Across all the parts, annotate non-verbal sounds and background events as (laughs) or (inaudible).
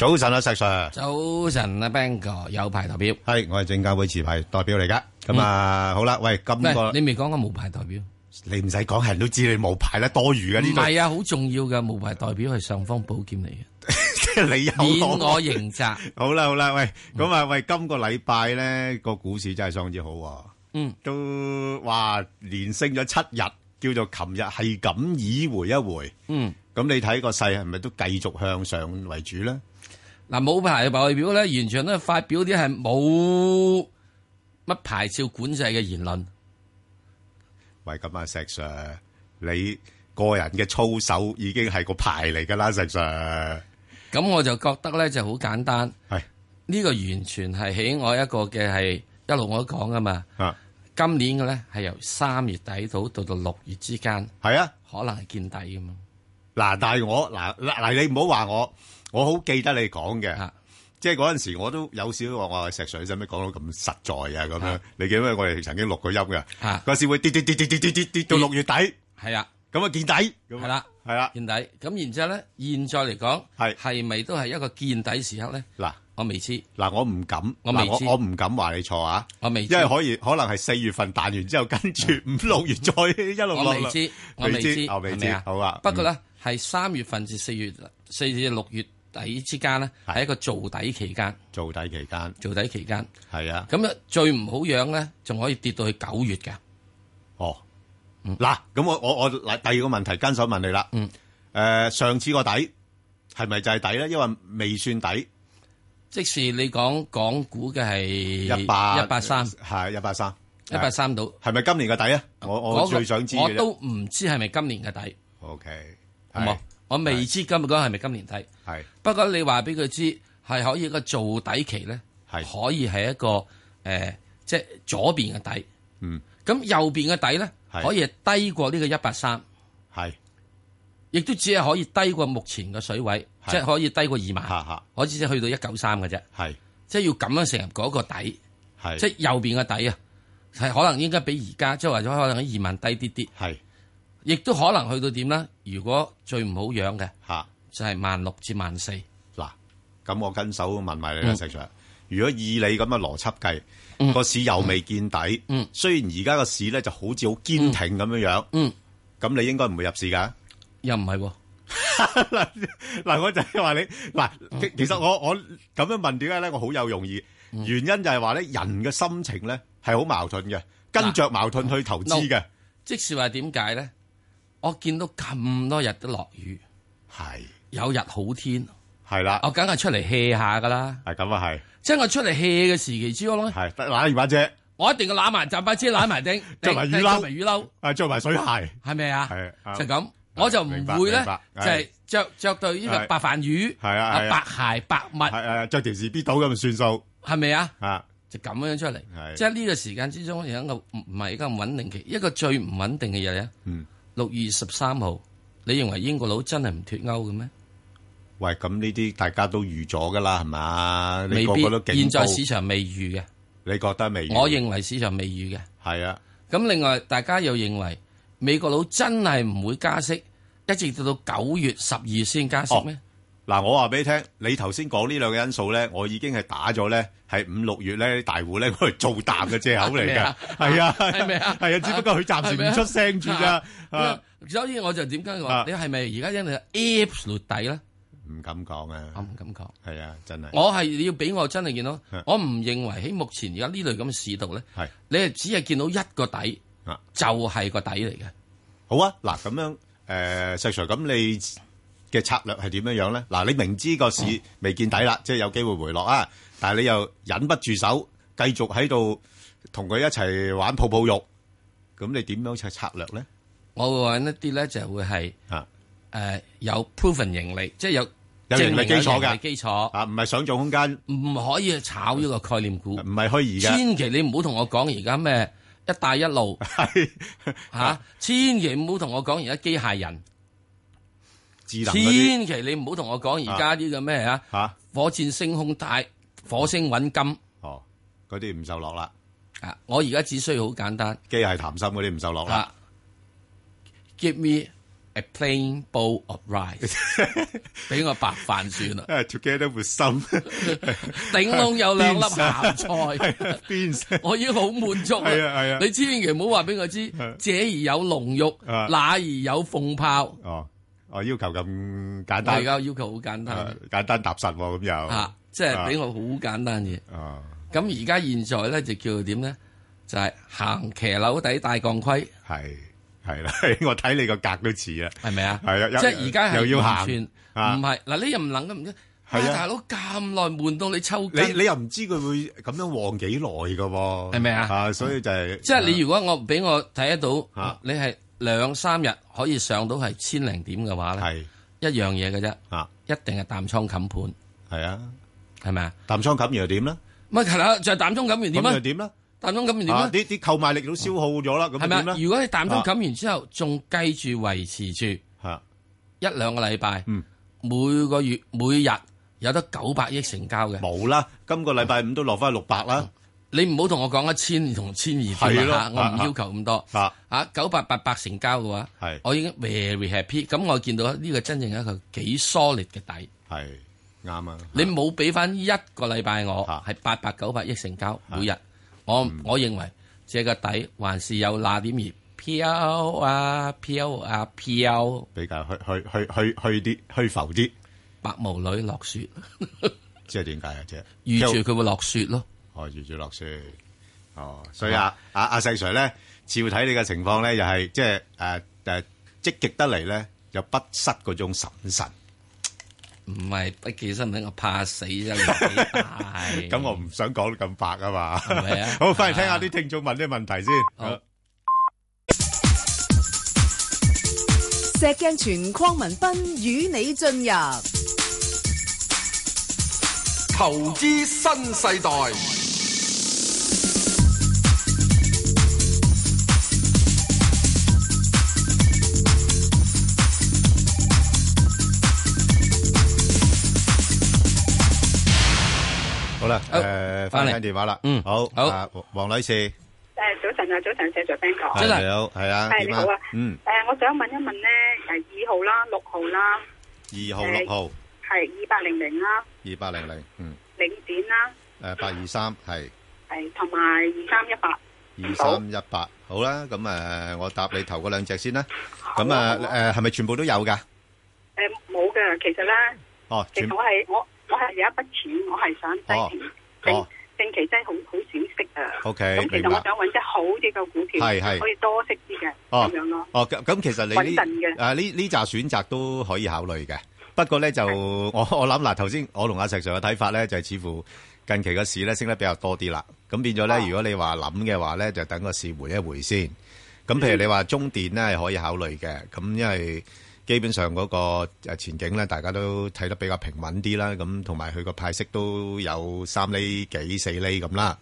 早晨啦，細 Sir！早晨啊，Bang 哥，有牌代表係，我係證監會持牌代表嚟噶。咁啊，好啦，喂，今個你未講過無牌代表，你唔使講，係人都知你無牌啦，多餘噶呢？唔係啊，好重要噶，無牌代表係上峰保薦嚟嘅。你有多？免我刑責。好啦，好啦，喂，咁啊，喂，今個禮拜咧個股市真係相當之好。嗯，都話連升咗七日，叫做琴日係咁以回一回。嗯，咁你睇個勢係咪都繼續向上為主咧？嗱，冇牌嘅代表咧，完全都係發表啲係冇乜牌照管制嘅言論。喂，咁啊，石 Sir，你個人嘅操守已經係個牌嚟㗎啦，石 Sir。咁我就覺得咧就好簡單。係呢是個完全係喺我一個嘅係一路我都講㗎嘛。啊，今年嘅咧係由三月底到到六月之間。係啊，可能係見底㗎嘛。嗱，但係我嗱嗱，你唔好話我。我好記得你講嘅，即係嗰陣時我都有少話話石 Sir 使乜講到咁實在啊咁樣？你記唔記得我哋曾經錄過音嘅？嗰時會跌跌跌跌跌跌跌跌到六月底，係啊，咁啊見底，係啦，係啦，見底。咁然之後咧，現在嚟講係係咪都係一個見底時刻咧？嗱，我未知，嗱，我唔敢，我未我唔敢話你錯啊，我未，因為可以可能係四月份彈完之後，跟住五六月再一路落落。我未知，我未知，未知，好啊。不過咧，係三月份至四月四至六月底之間咧，係一個做底期間，做底期間，做底期間係啊，咁啊最唔好樣咧，仲可以跌到去九月嘅。哦，嗱，咁我我我第第二個問題跟手問你啦。嗯，誒，上次個底係咪就係底咧？因為未算底。即使你講港股嘅，係一百一八三，係一百三，一百三度係咪今年嘅底啊？我我最想知我都唔知係咪今年嘅底。O K，好冇？我未知今日嗰個係咪今年底？係。不過你話俾佢知係可以個做底期咧，係可以係一個誒，即係左邊嘅底。嗯。咁右邊嘅底咧，可以係低過呢個一八三。係。亦都只係可以低過目前嘅水位，即係可以低過二萬。嚇嚇。可以只係去到一九三嘅啫。係。即係要咁樣成嗰個底。係。即係右邊嘅底啊，係可能應該比而家即係話可能喺二萬低啲啲。係。亦都可能去到點咧？如果最唔好養嘅吓，就係萬六至萬四。嗱、啊，咁我跟手問埋你啊，嗯、石祥。如果以你咁嘅邏輯計，個、嗯、市又未見底。嗯、雖然而家個市咧就好似好堅挺咁樣樣。咁、嗯、你應該唔會入市噶？又唔係、啊？嗱嗱、 (laughs) 啊，我就係話你嗱。其實我我咁樣問點解咧？我好有用意。原因就係話咧，人嘅心情咧係好矛盾嘅，啊、跟着矛盾去投資嘅、啊。即是話點解咧？我見到咁多日都落雨，係有日好天，係啦，我梗係出嚟 hea 下噶啦。係咁啊，係即係我出嚟 hea 嘅時期之中咧，係攬二把遮，我一定要攬埋扎把遮，攬埋丁，著埋雨褸，著埋雨褸，啊，著埋水鞋，係咪啊？係就咁，我就唔會咧，就係著著對呢個白飯魚，係啊，白鞋白襪，係係著條士 B 到咁咪算數，係咪啊？啊，就咁樣出嚟，即係呢個時間之中係一個唔係咁穩定期，一個最唔穩定嘅嘢嚟啊。嗯。六月十三號，你認為英國佬真係唔脫歐嘅咩？喂，咁呢啲大家都預咗噶啦，係嘛？未必。現在市場未預嘅，你覺得未預？我認為市場未預嘅。係啊。咁另外，大家又認為美國佬真係唔會加息，一直到到九月十二先加息咩？嗱，我話俾你聽，你頭先講呢兩個因素咧，我已經係打咗咧，係五六月咧啲大戶咧去做淡嘅借口嚟嘅，係啊，係啊，只不過佢暫時唔出聲住啫，所以我就點解話你係咪而家因為 Apps 落底咧？唔敢講啊，我唔敢講，係啊，真係，我係你要俾我真係見到，我唔認為喺目前而家呢類咁嘅市道咧，你係只係見到一個底，就係個底嚟嘅。好啊，嗱咁樣，誒，石 Sir 咁你。嘅策略係點樣樣咧？嗱，你明知個市未見底啦，嗯、即係有機會回落啊，但係你又忍不住手，繼續喺度同佢一齊玩泡泡浴，咁你點樣去策略咧？我會玩一啲咧，就係係誒有 proven 盈利，即係有有盈利基礎嘅基礎啊，唔係想做空間，唔可以炒呢個概念股，唔係虛擬嘅。千祈你唔好同我講而家咩一帶一路，吓、 (laughs) 啊、千祈唔好同我講而家機械人。千祈你唔好同我講而家啲嘅咩啊？吓，火箭升空，大火星揾金哦，嗰啲唔受落啦。我而家只需要好簡單，機械談心嗰啲唔受落啦。Give me a plain bowl of rice，俾我白飯算啦。Together with some，頂籠有兩粒鹹菜，我已經好滿足。係啊係啊，你千祈唔好話俾我知，這兒有龍肉，那兒有鳳炮。我要求咁簡單，大家要求好簡單，簡單踏實喎咁又即係俾我好簡單嘅。哦，咁而家現在咧就叫做點咧？就係行騎樓底戴鋼盔，係係啦。我睇你個格都似啦，係咪啊？係啊，即係而家又要行，唔係嗱，你又唔能咁唔得。係大佬咁耐悶到你抽筋，你你又唔知佢會咁樣旺幾耐㗎喎？係咪啊？啊，所以就係即係你如果我俾我睇得到你係。兩三日可以上到係千零點嘅話咧，係一樣嘢嘅啫。啊，一定係淡倉冚盤，係啊，係咪啊？淡倉冚完又點咧？唔係啦，就係淡倉冚完點啊？點啦？淡倉冚完點啦？啲啲購買力都消耗咗啦，咁點咧？如果你淡倉冚完之後，仲繼續維持住，係一兩個禮拜，嗯，每個月每日有得九百億成交嘅，冇啦，今個禮拜五都落翻六百啦。你唔好同我講一千同千二啫，我唔要求咁多。吓，九百八百成交嘅話，我已經 very happy。咁我見到呢個真正一個幾 solid 嘅底，係啱啊！你冇俾翻一個禮拜，我係八百九百億成交，每日我我認為這個底還是有那點二。P.O. 啊，P.O. 啊，P.O. 比較虛虛虛虛虛啲虛浮啲，白毛女落雪，即係點解啊？即係預住佢會落雪咯。住住落雪，哦，所以阿啊阿細、啊、Sir 咧，照睇你嘅情況咧，又係即係誒誒，積、啊、極、啊、得嚟咧，又不失嗰種審慎。唔係不計生命，我怕死啫。咁 (laughs) (laughs) 我唔想講得咁白是是啊嘛。 (laughs) 好，翻嚟聽下啲聽眾問啲問題先。啊嗯、石鏡泉鄺文斌與你進入投資新世代。好啦，誒，翻嚟聽電話啦。嗯，好，好，黃女士。誒，早晨啊，早晨，謝卓斌哥。早晨，係啊。係你好啊。嗯。誒，我想問一問咧，誒，二號啦，六號啦。二號六號。係二八零零啦。二八零零，嗯。零點啦。誒，八二三係。係同埋二三一八。二三一八，好啦，咁誒，我答你頭嗰兩隻先啦。咁啊，誒，係咪全部都有噶？誒，冇噶，其實咧，哦，全部係我。我係有一筆錢，我係想低錢定定期真係好好少息啊。O K，咁其實我想揾隻好啲嘅股票，可以多息啲嘅咁樣咯。哦，咁、哦、其實你呢啊呢呢扎選擇都可以考慮嘅。不過咧就的我我諗嗱，頭先我同阿石上嘅睇法咧，就係、似乎近期個市咧升得比較多啲啦。咁變咗咧，哦、如果你想嘅話諗嘅話咧，就等個市回一回先。咁譬如你話中電咧，係可以考慮嘅。咁因為基本上嗰個誒前景咧，大家都睇得比較平穩啲啦。咁同埋佢個派息都有三厘幾、四厘咁啦。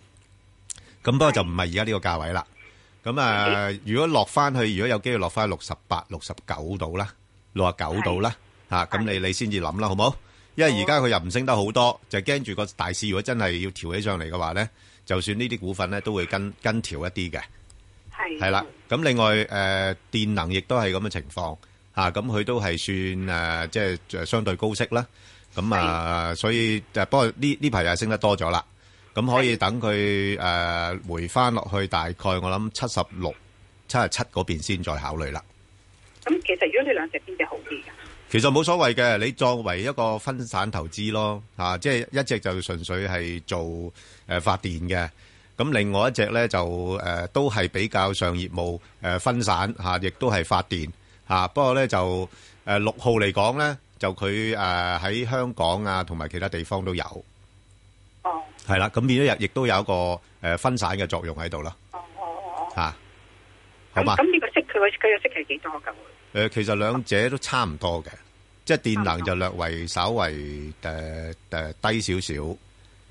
咁的不過就唔係而家呢個價位啦。咁、嗯、誒，的如果落翻去，如果有機會落翻去六十八、六十九度啦，六的啊九度啦，嚇咁你的你先至諗啦，好冇？因為而家佢又唔升得好多，就驚住個大市如果真係要調起上嚟嘅話咧，就算呢啲股份咧都會跟跟調一啲嘅係係啦。咁的、嗯、另外誒、呃，電能亦都係咁嘅情況。啊，咁佢都係算誒，即係相對高息啦。咁啊，所以誒，不過呢呢排又升得多咗啦。咁可以等佢誒回翻落去，大概我諗七十六、七十七嗰邊先再考慮啦。咁其實如果你兩隻邊隻好啲㗎，其實冇所謂嘅。你作為一個分散投資咯，吓，即係一隻就純粹係做誒發電嘅，咁另外一隻咧就誒都係比較上業務誒分散吓，亦都係發電。啊！不過咧就誒六號嚟講咧，就佢誒喺香港啊，同埋其他地方都有。哦、oh.，係啦，咁變咗日亦都有一個、呃、分散嘅作用喺度啦。哦好嘛？咁呢個息佢佢嘅息係幾多咁誒、呃，其實兩者都差唔多嘅，oh. 即係電能就略為稍微誒、uh, uh, 低少少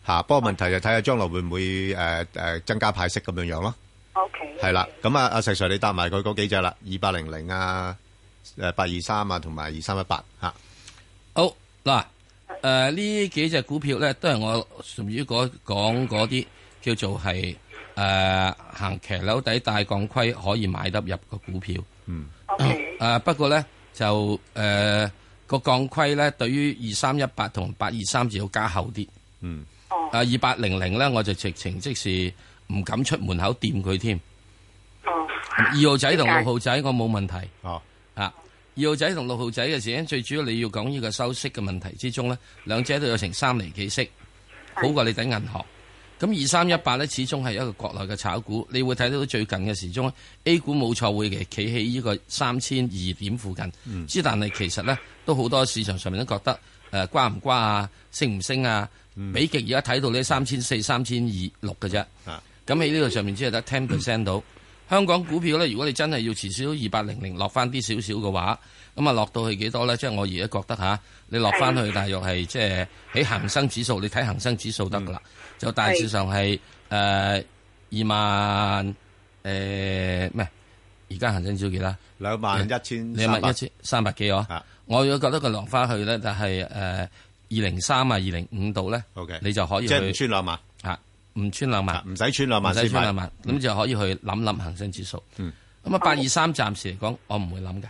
嚇。不過問題就睇下將來會唔會誒、uh, uh, 增加派息咁樣樣咯。OK。係啦，咁啊，阿石 Sir，你答埋佢嗰幾隻啦，二百零零啊。誒，八二三啊，同埋二三一八吓，好嗱、oh,，誒、呃、呢幾隻股票咧，都係我從於講嗰啲叫做係誒、呃、行騎樓底戴鋼盔可以買得入個股票，嗯誒、mm. Okay. 呃、不過咧就誒個、呃、鋼盔咧，對於二三一八同八二三字要加厚啲，嗯，哦，二八零零咧，我就直情即是唔敢出門口掂佢添，哦，二號仔同六號仔我冇問題，哦。Oh. 啊、二號仔同六號仔嘅時，最主要你要講呢個收息嘅問題之中咧，兩者都有成三厘幾息，好過你等銀行。咁二三一八咧，始終係一個國內嘅炒股，你會睇到最近嘅時鐘，A 股冇錯會嘅企喺呢個三千二點附近。之、嗯、但係其實咧，都好多市場上面都覺得誒，瓜唔瓜啊，升唔升啊？嗯、比極3400、3200，而家睇到呢三千四、三千二六嘅啫。咁喺呢度上面只係得 ten percent 到。香港股票咧，如果你真係要遲少二八零零落翻啲少少嘅話，咁啊落到去幾多咧？即係我而家覺得吓、啊，你落翻去大約係即係喺恒生指數，你睇恒生指數得噶啦。嗯、就大致上係誒是、呃、二萬誒咩？而家恒生指數幾多？兩萬一千兩萬一千三百幾啊！我要覺得佢落翻去咧，就係誒二零三啊，二零五度咧。Okay. 你就可以即係唔算兩唔穿兩萬，唔使穿兩萬,萬，唔使穿兩萬，咁就可以去諗諗恒生指數。咁啊、嗯，八二三暫時嚟講，我唔會諗嘅，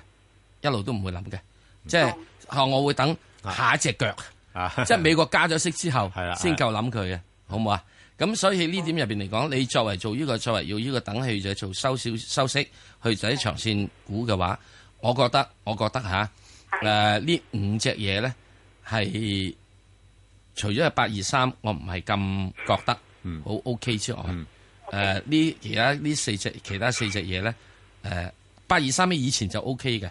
一路都唔會諗嘅，即係我我會等下一隻腳，即係、啊啊、美國加咗息之後，先夠諗佢嘅，好唔好啊？咁、啊啊啊、所以呢點入邊嚟講，你作為做呢、這個作為要呢個等器就做收少收息去睇長線股嘅話，我覺得我覺得吓，誒、啊呃、呢五隻嘢咧係除咗係八二三，我唔係咁覺得。好 O K 之外，誒呢、嗯呃、其他呢四隻其他四隻嘢咧，誒八二三米以前就 O K 嘅，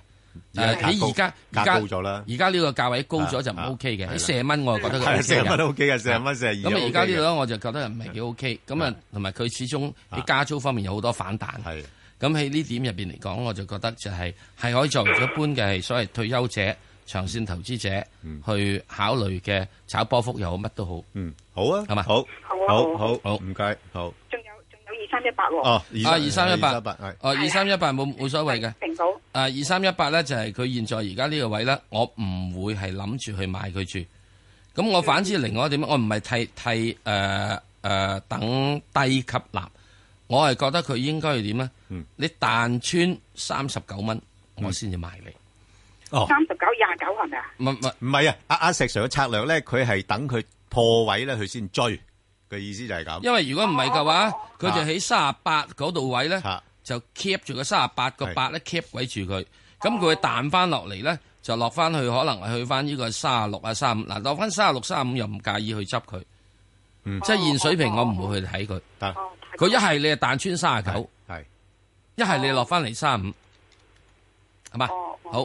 喺而家，而家高咗啦，而家呢個價位高咗就唔 O K 嘅。四十蚊、啊啊、我就覺得係四十蚊都 O K 嘅，四十蚊四十二，咁而家呢度咧我就覺得唔係幾 O K。咁啊，同埋佢始終喺加租方面有好多反彈。係咁，喺呢點入邊嚟講，我就覺得就係、是、係可以作為一般嘅，係所謂退休者。長線投資者去考慮嘅，炒波幅又好乜都好，嗯，好啊，係咪？好好，唔該，好，仲有仲有二三一八喎，哦，二三一八，二三一八係，哦，二三一八冇冇所謂嘅，定到，二三一八咧就係佢現在而家呢個位咧，我唔會係諗住去買佢住，咁我反之另外一點，我唔係替替誒誒等低吸納，我係覺得佢應該係點呢？嗯，你彈穿三十九蚊，我先至買你。三十九、廿九係咪啊？唔唔唔係啊！阿阿石 Sir 嘅策略咧，佢係等佢破位咧，佢先追嘅意思就係咁。因為如果唔係嘅話，佢、哦、就喺三十八嗰度位咧，就 keep 住個三十八個八咧 keep 鬼住佢。咁佢彈翻落嚟咧，就落翻去可能係去翻呢個三十六啊三五。嗱，落翻三十六三五又唔介意去執佢，嗯哦、即係現水平我唔會去睇佢。佢一係你係彈穿三十九，係一係你落翻嚟三五，係嘛？好。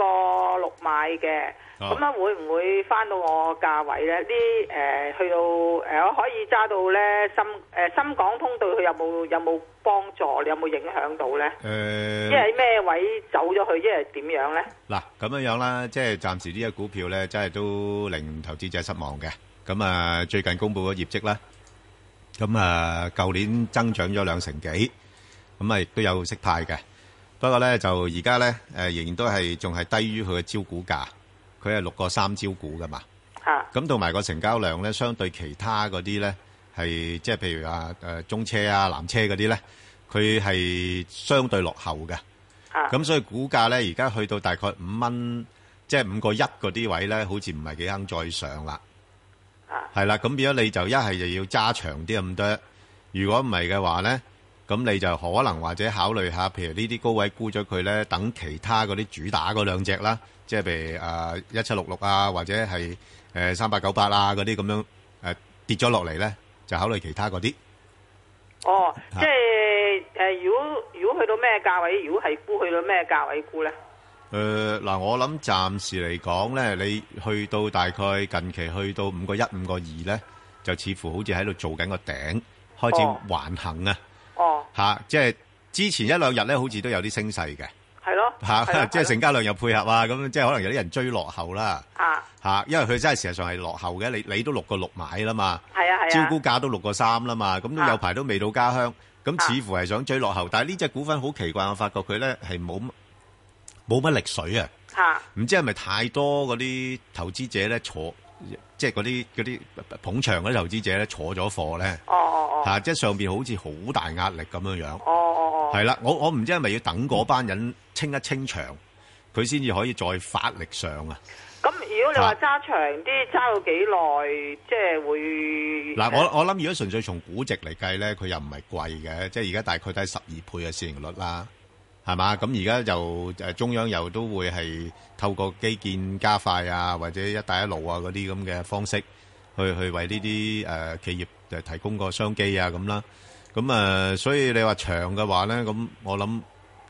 個六買嘅，咁樣會唔會翻到我價位呢？啲誒去到誒，我可以揸到呢。深誒，深港通對佢有冇，有冇幫助？你有冇影響到呢？誒，即係咩位走咗去？即係點樣呢？嗱，咁樣樣啦，即係暫時呢隻股票呢，真係都令投資者失望嘅。咁啊，最近公布嘅業績啦，咁啊，舊年增長咗兩成幾，咁啊亦都有息派嘅。不過咧，就而家咧，呃，仍然都係仲係低於佢嘅招股價，佢係六個三招股噶嘛。咁同埋個成交量咧，相對其他嗰啲咧，係即係譬如啊、呃，中車啊、南車嗰啲咧，佢係相對落後嘅。咁、啊、所以股價咧，而家去到大概五蚊，即係五個一嗰啲位咧，好似唔係幾肯再上啦。係啦、啊，咁變咗你就要要一係就要揸長啲咁多。如果唔係嘅話咧，咁你就可能或者考慮下，譬如呢啲高位沽咗佢咧，等其他嗰啲主打嗰兩隻啦，即係譬如誒一七六六啊，或者係誒三八九八啊嗰啲咁樣誒跌咗落嚟咧，就考慮其他嗰啲。哦，即係誒，如果如果去到咩價位，如果係沽去到咩價位沽咧？誒嗱，我諗暫時嚟講咧，你去到大概近期去到五個一五個二咧，就似乎好似喺度做緊個頂，開始橫行啊。哦，即係、啊就是、之前一兩日咧，好似都有啲聲勢嘅，係咯的，即係成交量又配合啊，咁即係可能有啲人追落後啦、啊啊，因為佢真係事實上係落後嘅，你你都六個六買啦嘛，係啊啊，招股價都六個三啦嘛，咁都有排都未到家鄉，咁、啊、似乎係想追落後，啊、但係呢隻股份好奇怪，我發覺佢咧係冇冇乜力水啊，唔知係咪太多嗰啲投資者咧坐。即係嗰啲啲捧場嗰啲投資者咧，坐咗貨咧，嚇，即係上邊好似好大壓力咁樣樣，係啦，oh, oh, oh。我我唔知係咪要等嗰班人清一清場，佢先至可以再發力上啊。咁如果你話揸長啲，揸到幾耐，即係會嗱，我我諗如果純粹從估值嚟計咧，佢又唔係貴嘅，即係而家大概都係十二倍嘅市盈率啦。係嘛？咁而家就誒中央又都會係透過基建加快啊，或者一帶一路啊嗰啲咁嘅方式去去為呢啲誒企業誒提供個商機啊咁啦。咁啊，所以你話長嘅話咧，咁我諗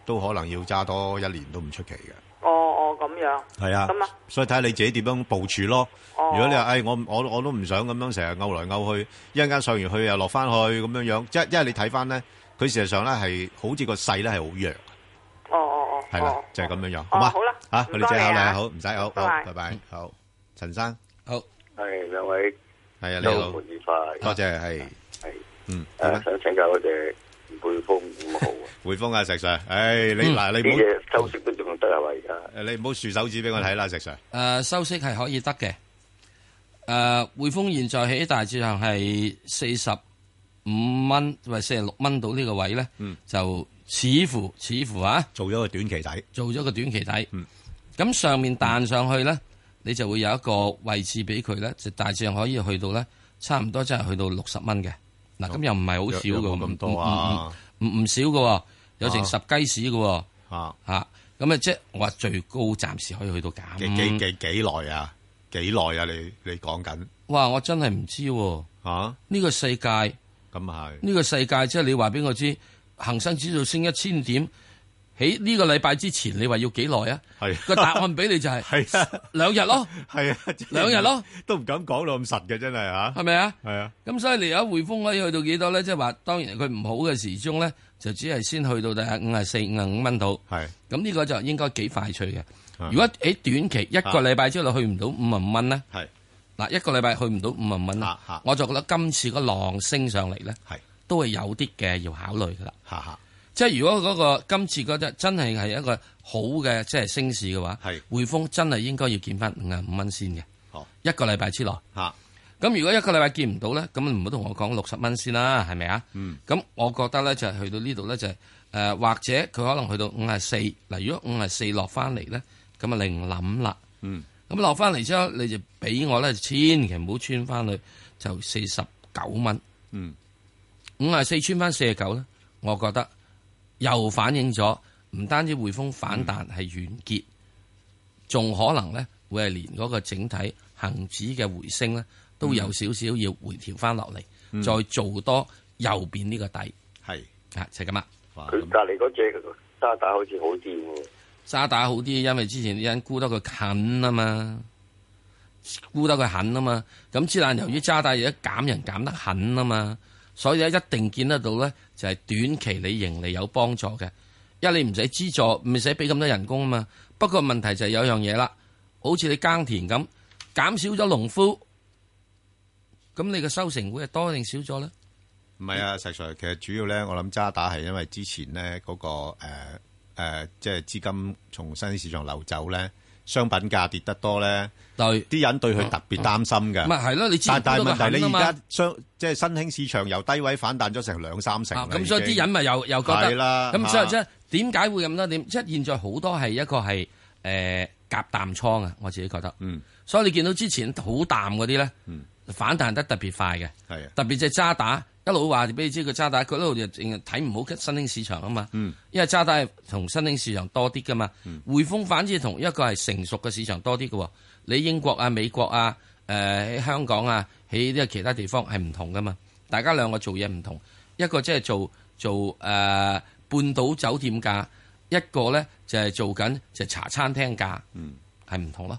都可能要揸多一年都唔出奇嘅。哦哦，咁樣係啊，咁啊，所以睇下你自己點樣部署咯。如果你話誒、哎，我我我都唔想咁樣成日勾來勾去，一陣間上完去又落翻去咁樣樣，即係因為你睇翻咧，佢事實上咧係好似個勢咧係好弱。哦哦哦，係啦，就係咁樣樣，好嘛？好啦，吓唔該你，你好，好唔使好，拜拜，好陳生，好係兩位，係啊，你好，歡迎歡迎，多謝，係係，嗯，想請教我哋匯豐五號，匯豐啊，石 Sir，唉，你嗱你啲嘢，收息都仲得係咪？誒，你唔好豎手指俾我睇啦，石 Sir。誒，收息係可以得嘅，誒，匯豐現在喺大致上係四十五蚊，唔係四十六蚊到呢個位咧，嗯，就。似乎似乎啊，做咗個短期底，做咗個短期底。咁、嗯、上面彈上去咧，你就會有一個位置俾佢咧，就大致可以去到咧，差唔多真係去到六十蚊嘅。嗱、哦，咁、啊、又唔係好少嘅，咁多啊，唔唔少喎，有成十雞屎嘅。啊啊，咁啊，即係、啊就是、我話最高暫時可以去到減。幾幾幾耐啊？幾耐啊？你你講緊？哇！我真係唔知、啊。吓、啊？呢個世界咁咪？係、就是。呢個世界即係你話俾我知。恒生指數升一千點，喺呢個禮拜之前，你話要幾耐啊？係個答案俾你就係兩日咯。係啊，兩日咯，都唔敢講到咁實嘅，真係啊，係咪啊？係啊。咁所以你啊，匯豐可以去到幾多咧？即係話，當然佢唔好嘅時鐘咧，就只係先去到第五廿四、五廿五蚊度。係咁呢個就應該幾快脆嘅。如果喺短期一個禮拜之內去唔到五廿五蚊咧，係嗱一個禮拜去唔到五廿五蚊咧，我就覺得今次個浪升上嚟咧，係。都係有啲嘅要考慮噶啦，哈哈即係如果嗰、那個今次嗰隻真係係一個好嘅即係升市嘅話，是匯豐真係應該要見翻五啊五蚊先嘅，哦、一個禮拜之內。咁哈如果一個禮拜見唔到咧，咁你唔好同我講六十蚊先啦，係咪啊？咁、嗯、我覺得咧就係、是、去到這裏呢度咧就係、是、誒、呃，或者佢可能去到五啊四。嗱，如果五啊四落翻嚟咧，咁啊另諗啦。咁落翻嚟之後，你就俾我咧，千祈唔好穿翻去就四十九蚊。嗯五啊四穿翻四啊九咧，我覺得又反映咗唔單止匯豐反彈係完、嗯、結，仲可能咧會係連嗰個整體恒指嘅回升咧、嗯、都有少少要回調翻落嚟，嗯、再做多右邊呢個底，係是就係咁啦。佢隔離嗰隻渣打好似好掂喎，渣打好啲，因為之前啲人沽得佢近啊嘛，沽得佢近啊嘛，咁之但由於渣打而家減人減得狠啊嘛。所以咧一定見得到咧，就係、是、短期你盈利有幫助嘅，因為你唔使資助，唔使俾咁多人工啊嘛。不過問題就係有樣嘢啦，好似你耕田咁，減少咗農夫，咁你嘅收成會係多定少咗咧？唔係啊，實在，其實主要咧，我諗渣打係因為之前咧、那、嗰個誒誒，即係資金從新市場流走咧。商品價跌得多咧，啲人對佢特別擔心嘅。咪係咯，你但但係問題你而家商即係新興市場由低位反彈咗成兩三成，咁所以啲人咪又又覺得。係啦。咁所以即係點解會咁多點？即係現在好多係一個係誒夾淡倉啊，我自己覺得。嗯。所以你見到之前好淡嗰啲咧，反彈得特別快嘅，特別即係渣打。一路話就俾你知個渣打，佢一路就淨係睇唔好新興市場啊嘛，因為渣打同新興市場多啲噶嘛。匯豐反之同一個係成熟嘅市場多啲嘅，你英國啊、美國啊、誒、呃、喺香港啊，喺呢個其他地方係唔同噶嘛。大家兩個做嘢唔同，一個即係做做誒、呃、半島酒店價，一個咧就係做緊就茶餐廳價，係唔同咯。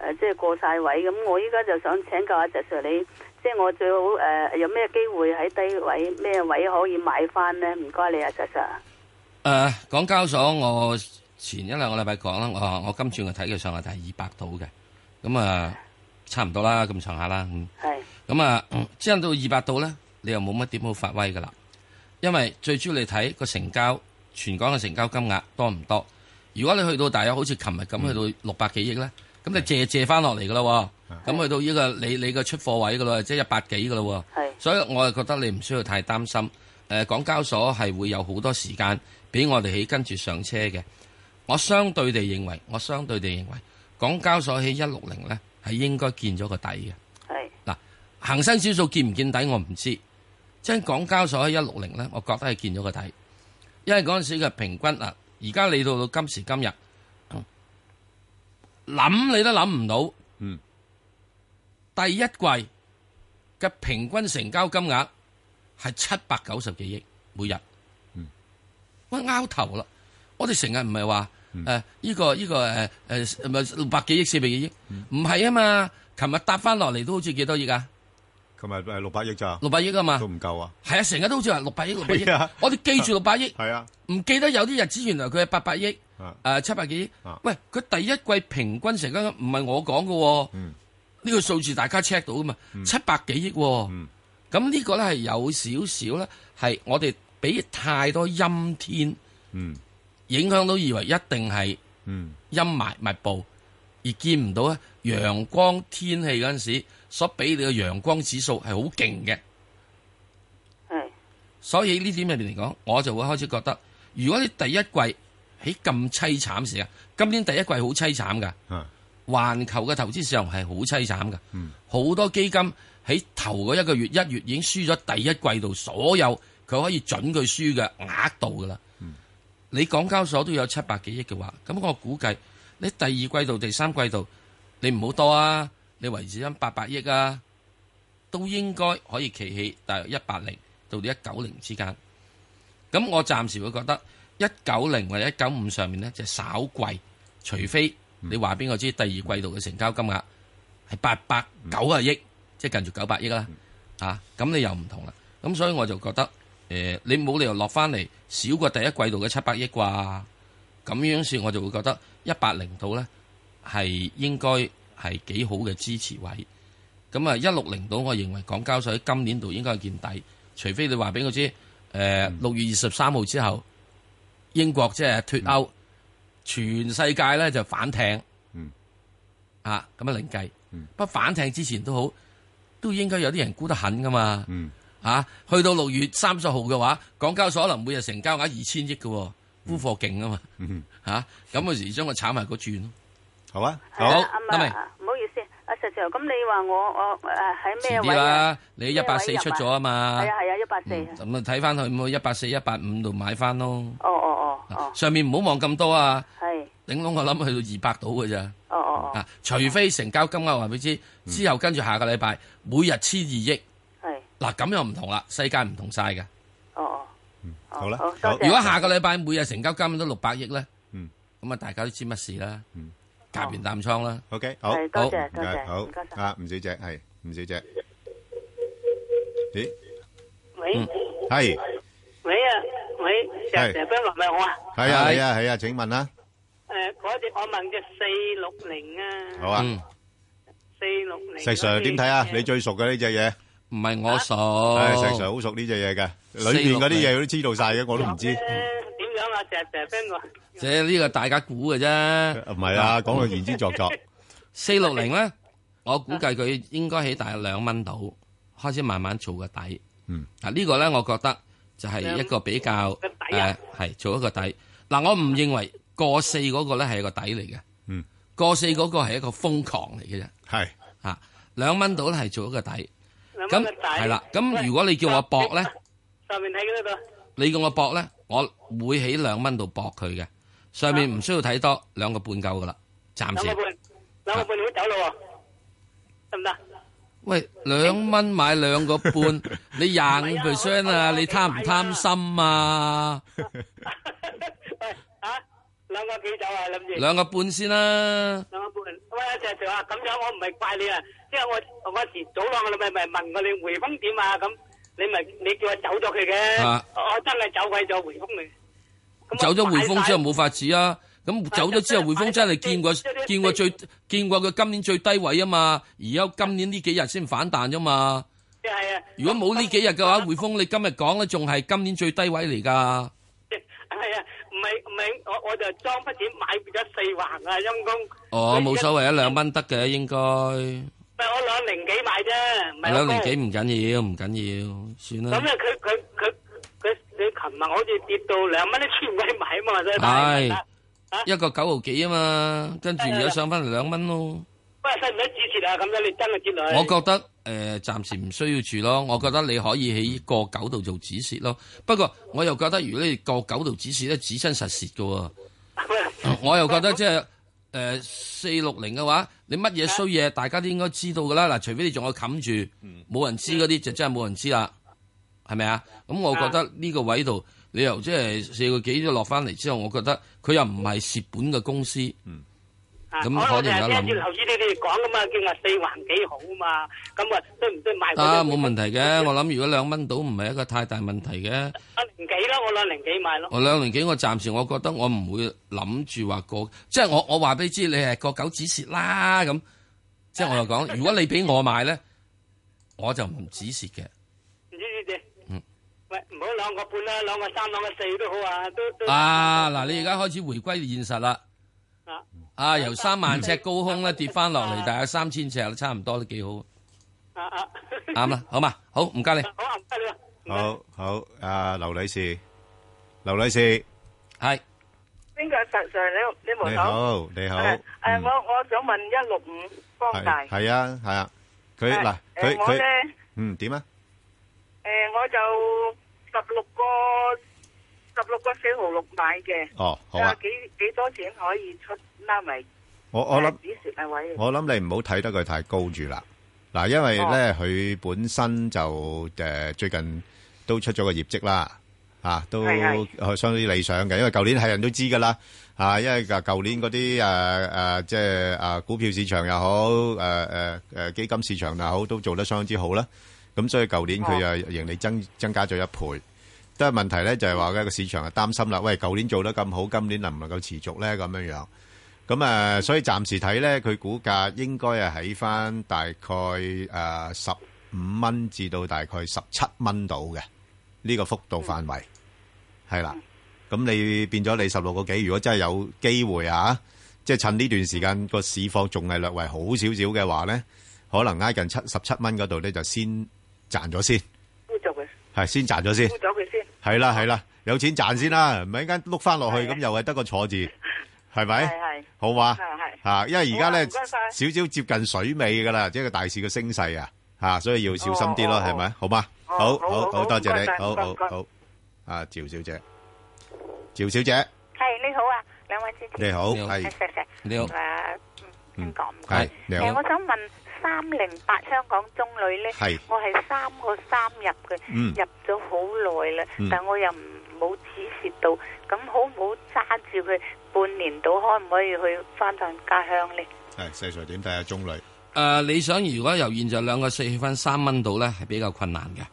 誒，即係過晒位咁，我依家就想請教阿 Sir 你，即係我最好誒，有咩機會喺低位咩位可以買翻呢？唔該你阿 Sir。誒，港交所我前一兩個禮拜講啦，我我今次我睇嘅上下就係二百度嘅，咁啊差唔多啦，咁上下啦，咁啊，之後到二百度咧，你又冇乜點好發威噶啦，因為最主要你睇個成交，全港嘅成交金額多唔多？如果你去到大約，好似琴日咁去到六百幾億咧。咁你借就借翻落嚟噶喎。咁去是到呢、這個你你個出貨位噶喇，即、就、係、是、一百幾噶喎。是所以我又覺得你唔需要太擔心。誒是、呃，港交所係會有好多時間俾我哋起跟住上車嘅。我相對地認為，我相對地認為，港交所喺一六零呢係應該見咗個底嘅。係嗱是，恒生指數見唔見底我唔知，即係港交所喺一六零呢，我覺得係見咗個底，因為嗰陣時嘅平均啊，而家你到到今時今日。諗你都諗唔到，嗯，第一季嘅平均成交金額係七百九十幾億每日，嗯，我拗頭啦，我哋成日唔係話誒呢個呢個誒誒係六百幾億四百幾億，唔係啊嘛，琴日搭翻落嚟都好似幾多億㗎？佢咪係六百億咋？六百億啊嘛，都唔夠啊！係啊，成日都好似話六百億六百億，我哋記住六百億。係啊，唔記得有啲日子原來佢係八百億，誒七百幾億。喂，佢第一季平均成日唔係我講嘅喎，呢個數字大家 check 到嘅嘛，七百幾億。咁呢個咧係有少少咧，係我哋俾太多陰天，影響到以為一定係陰霾密布，而見唔到咧陽光天氣嗰陣時。所俾你嘅陽光指數係好勁嘅，嗯，所以呢點入面嚟講，我就會開始覺得，如果你第一季喺咁凄慘時啊，今年第一季好凄慘噶，啊，環球嘅投資市場係好凄慘噶，好多基金喺頭嗰一個月一月已經輸咗第一季度所有佢可以準佢輸嘅額度噶啦，你港交所都有七百幾億嘅話，咁我估計你第二季度、第三季度你唔好多啊。你維持緊八百億啊，都應該可以企起大約一八零到一九零之間。咁我暫時會覺得一九零或者一九五上面咧就是、稍貴，除非你話俾我知第二季度嘅成交金額係八百九啊億，嗯、即係近住九百億啦、啊。嚇、啊，咁你又唔同啦。咁所以我就覺得，誒、呃，你冇理由落翻嚟少過第一季度嘅七百億啩。咁樣説，我就會覺得一八零度咧係應該。係幾好嘅支持位，咁啊一六零度，我認為港交所喺今年度應該係見底，除非你話俾我知，誒、呃、六月二十三號之後、嗯、英國即係脫歐，嗯、全世界咧就反艇，嗯，啊咁啊另計，嗯，不過反艇之前都好，都應該有啲人沽得狠噶嘛，嗯，啊去到六月三十號嘅話，港交所可能每日成交額二千億嘅、啊，沽貨勁啊嘛嗯，嗯，嚇咁嗰時將我炒埋個轉咯。好啊，好，啱未？唔好意思，阿 Sir Sir，咁你話我我誒喺咩位啊？你一百四出咗啊嘛？係啊係啊，一百四。咁啊睇翻去，唔啊一百四一百五度買翻咯。哦哦哦哦，上面唔好望咁多啊。係。頂籠我諗去到二百度嘅咋。哦哦哦。除非成交金額話俾你知，之後跟住下個禮拜每日千二億。係。嗱咁又唔同啦，世界唔同晒嘅。哦哦。嗯，好啦，好。如果下個禮拜每日成交金都六百億咧，嗯，咁啊，大家都知乜事啦，嗯。加邊淡倉啦，OK，好，係多謝多謝，好，多謝啊，吳小姐係吳小姐，咦，喂，係，喂啊，喂，成日成日俾人鬧咪我啊，係啊係啊係啊，請問啊，誒，嗰隻我問嘅四六零啊，好啊，四六零，石 Sir 點睇啊？你最熟嘅呢隻嘢。唔係我熟，係石 Sir 好熟呢隻嘢嘅，裏邊嗰啲嘢我都知道晒嘅，我都唔知。即係呢個大家估嘅啫，唔係啊，講到言之鑿鑿。四六零咧，我估計佢應該喺大約兩蚊度開始慢慢做個底。嗯，嗱呢個咧，我覺得就係一個比較誒，係做一個底。嗱，我唔認為過四嗰個咧係一個底嚟嘅。嗯，過四嗰個係一個瘋狂嚟嘅啫。係啊，兩蚊度咧係做一個底。兩蚊個底。咁係啦。咁如果你叫我搏咧，上面睇幾多度？你叫我搏咧，我會喺兩蚊度搏佢嘅，上面唔需要睇多兩個半夠噶啦，暫時。兩個半，兩個半你都走咯，得唔得？喂，兩蚊買兩個半，你廿五 percent 啊？你貪唔貪心啊？啊，兩個幾走啊？諗住。兩個半先啦。兩個半，喂，鄭 sir 啊，咁樣我唔係怪你啊，因為我我時早浪咪咪問我你匯豐點啊咁。你咪你叫我走咗佢嘅，我真係走鬼咗匯豐嚟。走咗匯豐之後冇法子啊！咁走咗之後匯豐真係見過見過最見過佢今年最低位啊嘛，而家今年呢幾日先反彈啫嘛。如果冇呢幾日嘅話，匯豐你今日講咧仲係今年最低位嚟噶。係啊，唔係唔係，我我就裝筆錢買咗四橫啊，陰公。哦，冇所謂，一兩蚊得嘅應該。我兩零幾買啫，兩零幾唔緊要，唔緊要，算啦。咁啊，佢佢佢佢佢琴日好似跌到兩蚊都出唔起買嘛，真係，吓一個九毫幾啊嘛，跟住而家上翻嚟兩蚊咯。喂，使唔使止蝕啊？咁樣你真係跌落去。我覺得誒，暫時唔需要住咯。我覺得你可以喺個九度做止蝕咯。不過我又覺得，如果你個九度止蝕咧，止身實蝕噶。我又覺得即係。誒，四六零嘅話，你乜嘢衰嘢，大家都應該知道㗎啦。嗱，除非你仲有冚住，冇人知嗰啲就真係冇人知啦，係咪啊？咁、嗯、我覺得呢個位度，你由即係四個幾都落翻嚟之後，我覺得佢又唔係蝕本嘅公司。嗯咁可能就聽住你哋講噶嘛，叫話四環幾好啊嘛，咁啊都唔對賣？冇問題嘅，我諗如果兩蚊到，唔係一個太大問題嘅。我幾我兩年幾買咯。我兩年幾，我暫時我覺得我唔會諗住話個，即係我我話俾你知，你係個九止蝕啦，咁。即係我又講，如果你俾我買咧，我就唔止蝕嘅。唔知喂，唔好兩個半啦，兩個三、兩個四都好啊，都。啊，嗱，你而家開始回歸現實啦。啊！由三萬尺高空咧跌翻落嚟，大約三千尺都差唔多，都幾好。啱啦，好嘛，好唔該你。好好，阿劉女士，劉女士係邊個？在在你你門口。你好，你好。誒，我我想問一六五方大。係啊，係啊，佢嗱佢佢嗯點啊？誒，我就十六個。十六個四毫六買嘅。啊，幾幾多錢可以出？拉埋我我諗，我諗你唔好睇得佢太高住啦。嗱，因為咧佢本身就誒最近都出咗個業績啦，嚇都相當之理想嘅。因為舊年係人都知㗎啦，嚇，因為舊舊年嗰啲誒誒即係誒股票市場又好，誒誒誒基金市場又好，都做得相當之好啦。咁所以舊年佢啊，盈利增增加咗一倍。都係問題咧，就係話呢個市場係擔心啦。喂，舊年做得咁好，今年能唔能夠持續咧？咁樣樣咁啊，所以暫時睇咧，佢估價應該係喺返大概誒十五蚊至到大概十七蚊度嘅呢個幅度範圍係啦。咁你變咗你十六個幾？如果真係有機會啊，即係趁呢段時間個市況仲係略為好少少嘅話咧，可能挨近七十七蚊嗰度咧就先賺咗先。沽走嘅係先賺咗先。係啦係啦，有錢賺先啦，唔係一間碌翻落去，咁又係得個坐字，係咪？係，好嘛？係吓，因為而家咧少少接近水尾噶啦，即係個大市嘅升勢啊，吓，所以要小心啲咯，係咪？好嘛，好，好好多謝你，好好好，阿趙小姐，趙小姐，係你好啊，兩位先生。你好，係，你好你好，啊，香港，你好我想問。三零八香港中旅咧，是我係三個三入嘅，嗯、入咗好耐啦，嗯、但我又冇止蝕到，咁好唔好揸住佢半年到，可唔可以去返吓家鄉咧？係細除點睇下中旅誒、呃，你想如果由現在兩個四分三蚊到咧，係比較困難嘅。誒、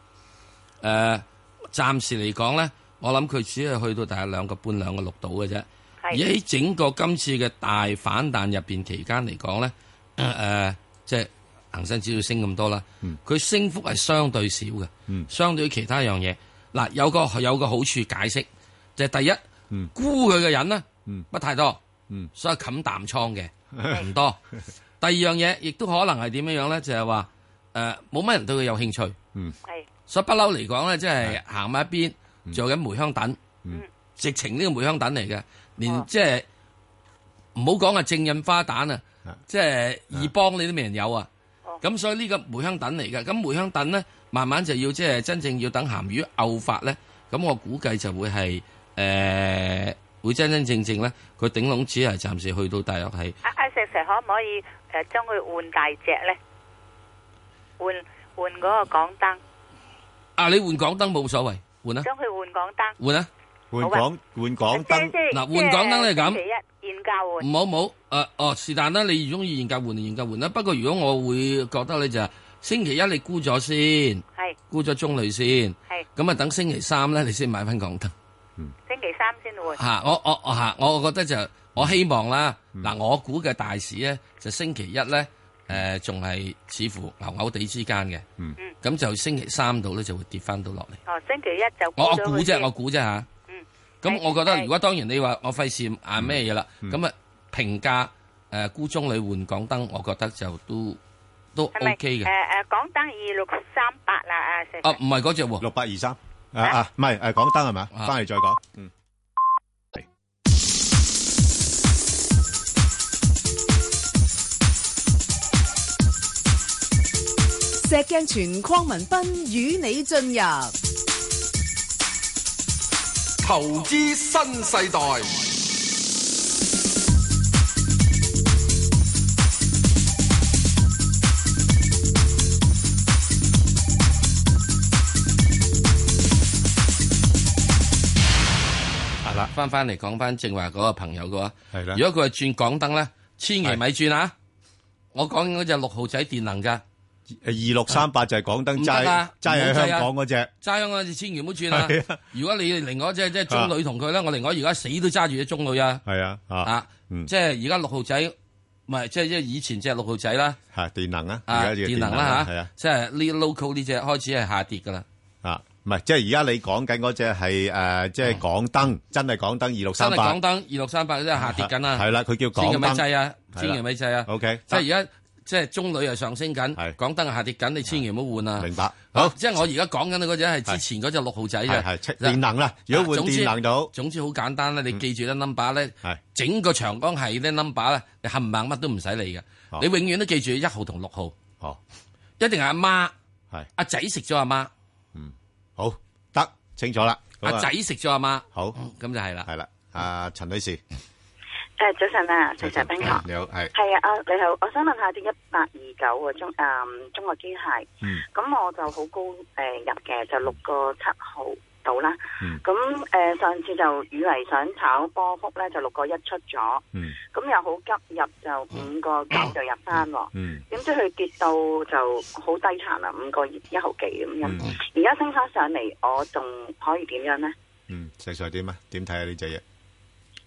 呃，暫時嚟講咧，我諗佢只係去到大約兩個半、兩個六度嘅啫。的而喺整個今次嘅大反彈入邊期間嚟講咧，誒、呃，即係。恒生指數升咁多啦，佢升幅係相對少嘅，相對於其他一樣嘢。嗱，有個有個好處解釋，就係第一，沽佢嘅人呢，咧，唔太多，所以冚淡倉嘅唔多。第二樣嘢，亦都可能係點樣樣咧，就係話誒，冇乜人對佢有興趣，所以不嬲嚟講咧，即係行埋一邊，做緊梅香等，直情呢個梅香等嚟嘅，連即係唔好講啊，正印花旦啊，即係二幫你都未人有啊。咁所以呢個梅香等嚟嘅。咁梅香等咧，慢慢就要即係真正要等鹹魚嘔發咧，咁我估計就會係誒，會真真正正咧，佢頂籠只係暫時去到大約係。阿阿石石可唔可以誒，將佢換大隻咧？換換嗰個港燈。啊，你換港燈冇所謂，換啊。將佢換港燈。換啊！換港換港燈嗱，換港燈咧咁。唔好唔好，誒、呃、哦，是但啦，你中意研究換定研究換啦。不過如果我會覺得你就星期一你沽咗是先，係沽咗中旅先，係咁啊，等星期三咧，你先買翻港燈。嗯，星期三先會吓，我我吓，我覺得就我希望啦。嗱、嗯，我估嘅大市咧，就星期一咧，誒、呃，仲係似乎牛牛地之間嘅，嗯，咁就星期三度咧就會跌翻到落嚟。哦，星期一就我估啫，我估啫吓。咁，我覺得如果當然你我話我費事啊咩嘢啦，咁啊、嗯、評價誒、呃、孤中女換港燈，我覺得就都都 O K 嘅。港燈二六三八啦啊！哦，唔係嗰隻喎，六八二三啊啊，唔係、啊、港燈係嘛？翻嚟、啊、再講。嗯、是石鏡泉，匡文斌與你進入。投資新世代。好啦，翻翻嚟講翻正話嗰個朋友嘅話，係啦。如果佢係轉港燈咧，千祈咪轉啊！我講緊嗰隻六號仔電能㗎。二六三八就係港燈揸啦，揸香港嗰隻，揸香港隻千祈唔好轉啦。如果你另外即係即係中女同佢咧，我另外而家死都揸住隻中旅啊。係啊，啊，即係而家六號仔，唔係即係即係以前隻六號仔啦。吓，電能啊，而家隻電能啦吓，即係呢 local 呢隻開始係下跌噶啦。啊，唔係，即係而家你講緊嗰隻係誒，即係港燈，真係港燈二六三八。真係港燈二六三八都係下跌緊啦。係啦，佢叫港燈。千祈咪制啊，千祈咪制啊。O K，即係而家。即係中鋁又上升緊，港燈又下跌緊，你千祈唔好換啊！明白。好，即係我而家講緊嗰隻係之前嗰隻六號仔嘅電能啦。如果換電能到，總之好簡單啦，你記住啲 number 咧，整個長江係啲 number 咧，你冚唪唥乜都唔使理嘅，你永遠都記住一號同六號。哦，一定係阿媽。係，阿仔食咗阿媽。嗯，好得清楚啦。阿仔食咗阿媽。好，咁就係啦。係啦，阿陳女士。誒、呃，早晨啊，謝謝冰哥，你好係係啊，你好，我想問一下啲一八二九啊、呃，中誒中國機械，嗯，咁我就好高誒、呃、入嘅，就六個七號到啦，嗯，咁誒、呃、上次就以為想炒波幅咧，就六個一出咗，嗯，咁、嗯、又好急入就五個九、嗯、就入翻，嗯，點知佢跌到就好低殘啦，五個一,一毫幾咁樣，而家、嗯、升翻上嚟，我仲可以點樣呢？嗯，實在點啊？點睇啊？呢隻嘢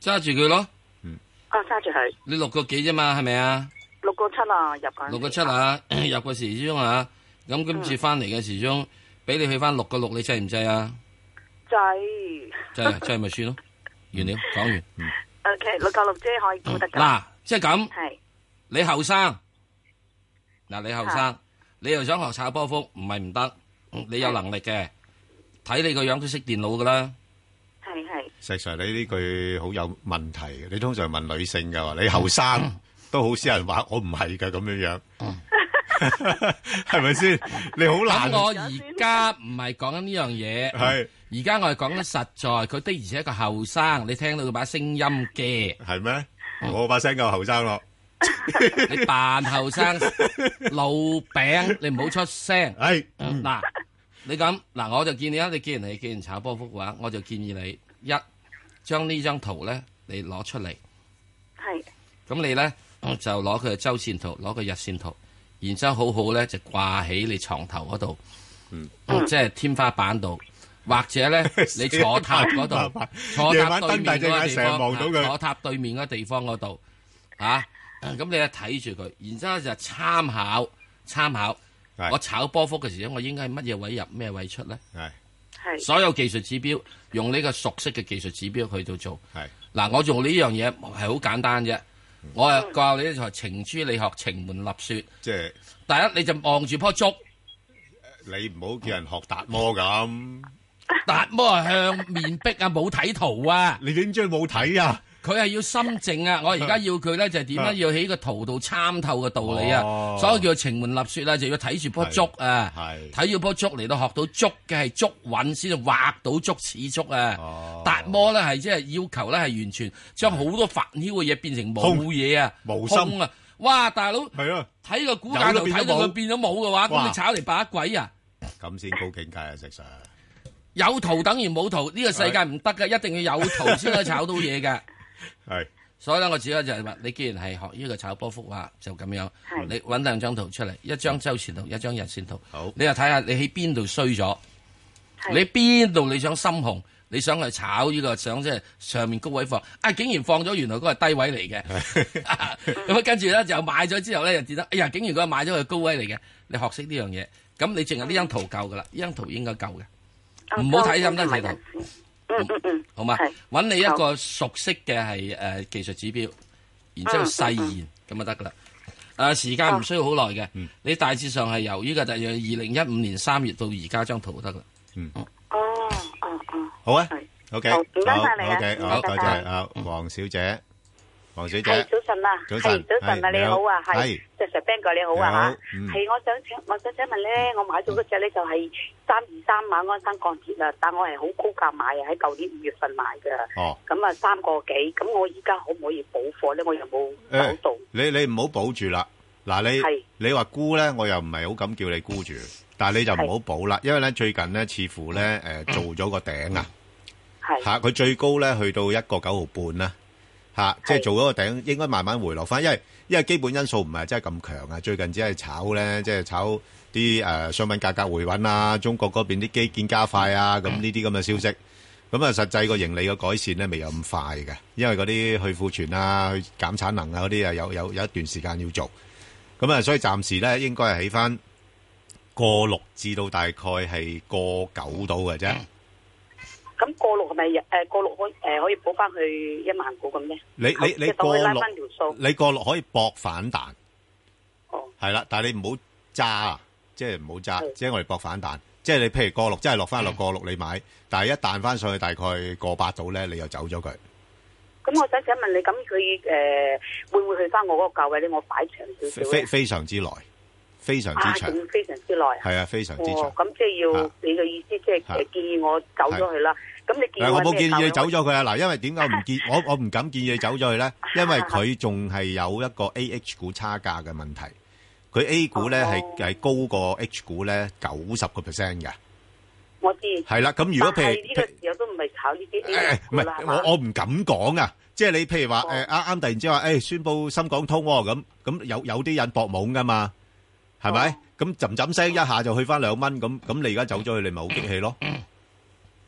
揸住佢咯。揸、啊、住係你六個幾啫嘛，係咪啊？六個七啊？入緊六個七啊，入個時鐘啊，咁今次翻嚟嘅時鐘俾、嗯、你去翻六個六，你制唔制啊？制制，即制咪算咯 (laughs) 完了講完、嗯、ok 六個六啫可以都得噶嗱，即係咁是你後生，嗱你後生，你又想學炒波幅唔係唔得，你有能力嘅，睇是你個樣都識電腦噶啦係係。石 Sir，你呢句好有問題，你通常問女性嘅話，你後生都好少人話我唔係嘅咁樣樣，係咪先？你好難。咁我而家唔係講緊呢樣嘢，係而家我係講緊實在，佢的而且一個後生，你聽到佢把聲音嘅係咩？我把聲夠後生咯，你扮後生老餅，你唔好出聲。係嗱，你咁嗱，我就建議啊，你既然你既然炒波幅嘅話，我就建議你一。將呢張圖咧，你攞出嚟，係是的，咁你咧就攞佢嘅周線圖，攞佢日線圖，然之後好好咧就掛喺你床頭嗰度，嗯，嗯、即係天花板度，或者咧 (laughs) 你坐塔嗰度， (laughs) 坐塔對面嗰個地方，坐 (laughs) 塔對面嗰地方嗰度，吓，咁你就睇住佢，然之後就參考，參考，是的 我炒波幅嘅時候，我應該係乜嘢位入，咩位出咧？係，係，所有技術指標。用呢個熟悉嘅技術指標去到做，嗱是，我做呢樣嘢係好簡單啫，我係教你一台情書，你學程門立雪，即係第一你就望住棵竹、呃，你唔好叫人學達摩咁，達摩向面壁啊，冇睇圖啊，你點知佢冇睇啊？佢係要心靜啊！我而家要佢咧，就點樣要喺個圖度參透嘅道理啊！所以叫做程門立雪啦，就要睇住樖竹啊，睇住樖竹嚟到學到竹嘅係竹韻，先至畫到竹似竹啊！達摩咧係即係要求咧係完全將好多煩囂嘅嘢變成冇嘢啊，冇心啊！哇，大佬係咯，睇個股價圖睇到佢變咗冇嘅話，咁你炒嚟把鬼啊！咁先高境界啊！事實。有圖等於冇圖，呢個世界唔得㗎，一定要有圖先可以炒到嘢嘅。係，所以咧，我主要就係話，你既然係學呢個炒波幅話，就咁樣，你搵兩張圖出嚟，一張周線圖，一張日線圖，好，你又睇下你喺邊度衰咗，你邊度你想深紅，你想去炒呢個，想即係上面高位放，啊，竟然放咗，原來嗰個係低位嚟嘅，咁啊，跟住咧就買咗之後咧，又見得。哎呀，竟然嗰個買咗係高位嚟嘅，你學識呢樣嘢，咁你淨係呢張圖夠噶啦，呢張圖應該夠嘅，唔好睇咁多圖。嗯嗯，好嘛，揾你一個熟悉嘅係，誒，技術指標，然之後細言咁就得噶啦。誒，時間唔需要好耐嘅，你大致上係由依個大約二零一五年三月到而家張圖得啦。嗯，哦，哦哦，好啊，OK，好，唔該晒你啊，唔該晒，好，黃小姐。黃小姐，早晨啊，係早晨啊，你好啊，係石石 bingo 你好啊，吓，係我想請我想請問咧，我買咗嗰隻咧就係三二三馬鞍山鋼鐵啊，但我係好高價買啊，喺舊年五月份買噶哦，咁啊三個幾，咁我而家可唔可以補貨咧？我又冇講到，你你唔好補住啦，嗱你你話沽咧，我又唔係好敢叫你沽住，但係你就唔好補啦，因為咧最近咧似乎咧誒做咗個頂啊，係吓，佢最高咧去到一個九毫半啦。吓、啊，即係做咗個頂，應該慢慢回落翻，因為因為基本因素唔係真係咁強啊，最近只係炒咧，即係炒啲誒、呃、商品價格回穩啊，中國嗰邊啲基建加快啊，咁呢啲咁嘅消息，咁啊、嗯嗯、實際個盈利嘅改善咧未有咁快嘅，因為嗰啲去庫存啊、減產能啊嗰啲啊有有有一段時間要做，咁、嗯、啊所以暫時咧應該係起翻過六至到大概係過九到嘅啫。嗯咁過六係咪誒過六可誒可以補翻去一萬股咁咧？你你你過六，你過六可以博反彈，係啦。但係你唔好揸啊，即係唔好揸。即係我哋博反彈，即係你譬如過六即係落翻落過六，你買，但係一彈翻上去大概過百度咧，你又走咗佢。咁我想請問你，咁佢誒會唔會去翻我嗰個價位咧？我擺長少少，非非常之耐，非常之長，非常之耐。係啊，非常之長。咁即係要你嘅意思，即係建議我走咗佢啦。嗱，我冇建議你走咗佢啊！嗱，因為點解唔建？我我唔敢建議你走咗佢咧，因為佢仲係有一個 AH 股差價嘅問題。佢 A 股咧，係係高過 H 股咧九十個 percent 嘅。我知。係啦，咁如果譬如呢個時候都唔係炒呢啲啲，唔係我我唔敢講啊！即係你譬如話誒啱啱突然之間誒宣布深港通喎，咁咁有有啲人搏懵噶嘛，係咪？咁噏噏聲一下就去翻兩蚊，咁咁你而家走咗佢，你咪好激氣咯？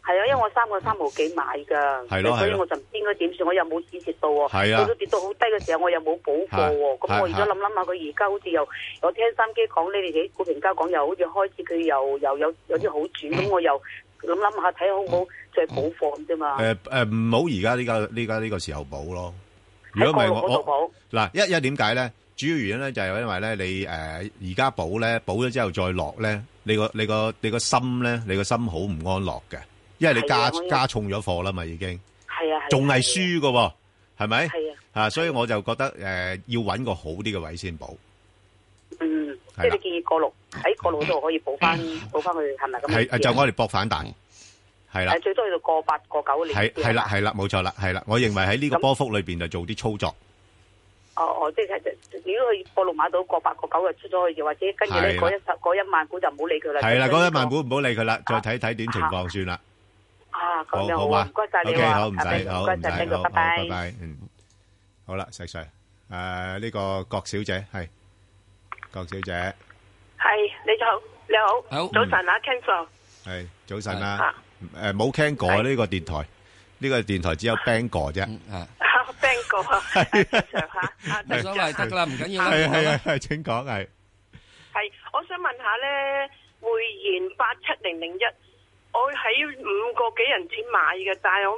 係啊，因為我三個三毫幾買㗎，所以我就唔知應該點算。我又冇市跌到，佢都跌到好低嘅時候，我又冇補貨。咁我而家諗諗下，佢而家好似又我聽心機講咧，你哋股評家講又好似開始佢又又有有啲好轉，咁我又諗諗下睇好唔好再補貨啫嘛。誒誒，唔好而家呢個呢個呢個時候補咯。如果唔係我我補嗱一一點解咧？主要原因咧就係因為咧你誒而家補咧，補咗之後再落咧，你個你個你個心咧，你個心好唔安樂嘅。因為你加加重咗貨啦嘛，已經，係啊，仲係輸噶，係咪？係啊，所以我就覺得誒，要揾個好啲嘅位先補。嗯，即係你建議過六喺過六度可以補翻，補翻佢係咪咁？就我哋搏反彈，係啦，最多到過八過九年。係啦，係啦，冇錯啦，係啦。我認為喺呢個波幅裏邊就做啲操作。哦哦，即係如果過六買到過八個九就出咗去，又或者跟住咧嗰一萬一萬股就唔好理佢啦。係啦，嗰一萬股唔好理佢啦，再睇睇點情況算啦。啊，咁就好，唔該曬你啊，拜拜，唔該曬呢個，拜拜，嗯，好啦，細細，誒呢個郭小姐係，郭小姐，係，你就好，你好，好，早晨啊，cancel，係，早晨啦，誒冇 cancel 呢個電台，呢個電台只有 bang 過啫，啊，bang 過啊，正常嚇，啊，得啦，得啦，唔緊要啦，係係係，請講係，係，我想問下咧，匯賢八七零零一。我喺五個幾銀錢買嘅，但係我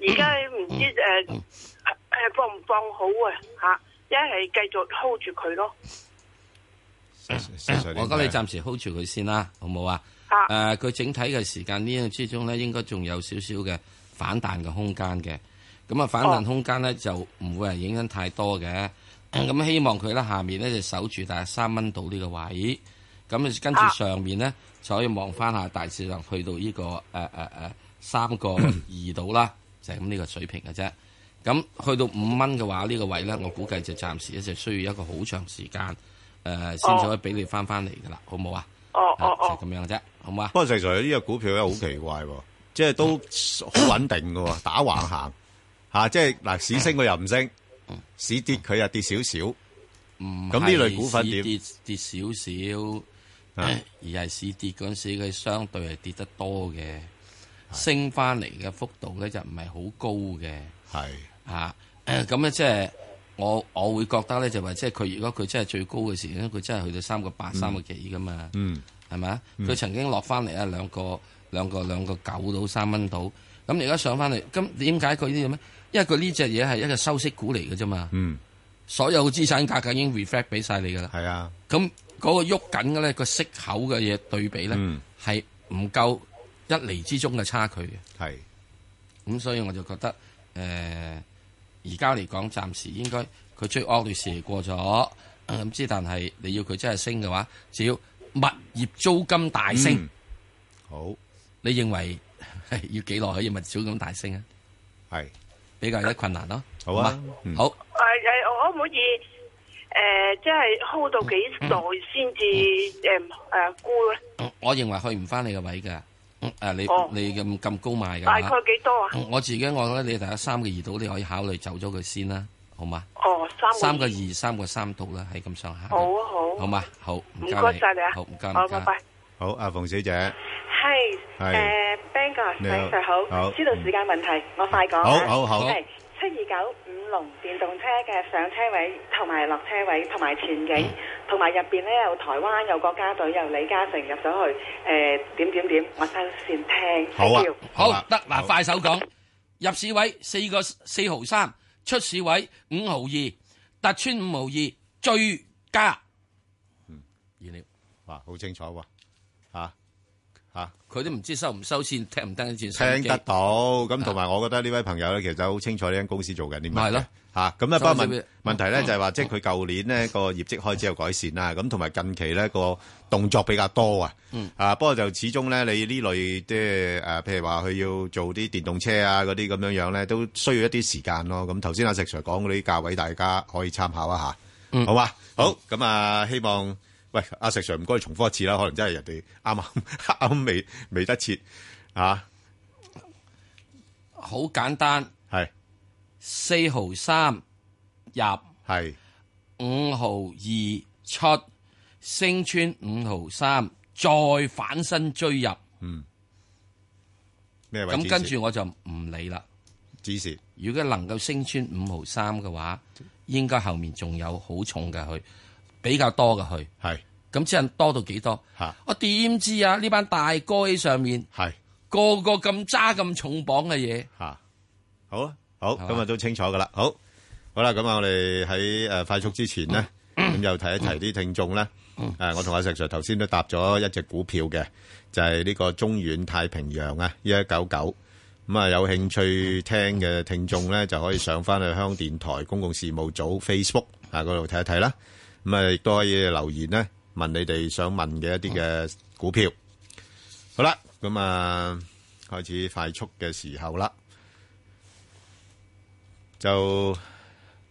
而家唔知誒誒、 (coughs) 啊啊啊、放唔放好啊吓，一係繼續 hold 住佢咯。西 Sir，西 Sir，我覺得你暫時 hold 住佢先啦，好冇啊，啊、哦？啊、誒、嗯，佢整體嘅時間呢樣之中咧，應該仲有少少嘅反彈嘅空間嘅。咁啊，反彈空間咧就唔會係影響太多嘅。咁希望佢咧下面咧就守住大約三蚊度呢個位。咁跟住上面咧就可以望翻下大致上去到呢、這個誒誒誒三個二度啦，就係咁呢個水平嘅啫。咁、嗯、去到五蚊嘅話，呢、這個位咧，我估計就暫時咧就需要一個好長時間誒先至可以俾你翻翻嚟嘅啦，好唔好啊？哦哦哦，就咁、是、樣啫，好唔好啊？不過其實呢個股票咧好奇怪喎，即係、嗯、都好穩定嘅喎，嗯、打橫行即係嗱市升佢又唔升，嗯、市跌佢又跌少少，咁呢、嗯、類股份點跌，跌少少？是而係市跌嗰陣時候，佢相對係跌得多嘅，的升翻嚟嘅幅度咧就唔係好高嘅。係嚇咁咧，即係、啊呃就是、我我會覺得咧，就話即係佢如果佢真係最高嘅時咧，佢真係去到三個八、三個幾噶嘛。嗯，係咪吧？佢、嗯、曾經落翻嚟啊，兩個兩個兩個九到三蚊到。咁而家上翻嚟，咁點解佢呢樣咧？因為佢呢隻嘢係一個收息股嚟嘅啫嘛。嗯，所有嘅資產價格已經 reflect 俾晒你㗎啦。係啊的，咁。嗰個喐緊嘅咧，個息口嘅嘢對比咧，係唔、嗯、夠一厘之中嘅差距嘅。係是，咁、嗯、所以我就覺得，誒而家嚟講，暫時應該佢最惡劣時期過咗。咁、嗯、知，但係你要佢真係升嘅話，只要物業租金大升，嗯、好，你認為、哎、要幾耐可以物業租金大升啊？係是比較有啲困難咯、啊。好啊，好嗎。誒誒、嗯，可唔可以？誒，即係 hold 到幾耐先至誒誒沽咧？我認為去唔翻你個位噶，誒你你咁咁高賣噶？大概幾多啊？我自己我覺得你大家三個二度，你可以考慮走咗佢先啦，好嘛？哦，三個二，三個三度啦，係咁上下。好啊，好好嘛，好唔該晒你啊，好唔該晒，好拜拜。好，阿馮小姐係誒，banker，大家好，知道時間問題，我快講，好好好。七二九五龍電動車嘅上車位同埋落車位，同埋前景，同埋入邊咧有台灣有國家隊由李嘉誠入咗去，誒點點點，我收線聽。好啊，好得嗱快手講入市位四個四毫三，出市位五毫二，突破五毫二追加。嗯，完了，哇，好清楚喎，吓。啊！佢都唔知收唔收錢，聽唔聽得到？聽得到咁，同埋我覺得呢位朋友咧，其實好清楚呢間公司做緊啲咩。係咯，吓咁咧。不過問問題咧，就係話即係佢舊年呢個業績開始有改善啦。咁同埋近期咧個動作比較多啊。啊，不過就始終咧，你呢類即係誒，譬如話佢要做啲電動車啊，嗰啲咁樣樣咧，都需要一啲時間咯。咁頭先阿石 Sir 講嗰啲價位，大家可以參考一下。好嘛，好，咁啊，希望。喂，阿石 Sir，唔該，重複一次啦，可能真係人哋啱啱啱未未得切啊！好簡單，係四毫三入，係五毫二出，升穿五毫三，再反身追入。嗯，咩位？咁跟住我就唔理啦。指示，如果能夠升穿五毫三嘅話，應該後面仲有好重嘅佢。比較多嘅佢係咁，即係多到幾多吓？我點知啊？呢班大哥喺上面係個個咁揸咁重磅嘅嘢吓。好啊，好咁啊，都清楚㗎啦。好，好啦，咁啊，我哋喺誒快速之前咧，咁就提一提啲聽眾咧。誒，我同阿石 Sir 頭先都搭咗一隻股票嘅，就係呢個中遠太平洋啊，一一九九咁啊。有興趣聽嘅聽眾咧，就可以上翻去香港電台公共事務組 Facebook 啊嗰度睇一睇啦。咁咪亦都可以留言咧，問你哋想問嘅一啲嘅股票好。好啦，咁啊開始快速嘅時候啦，就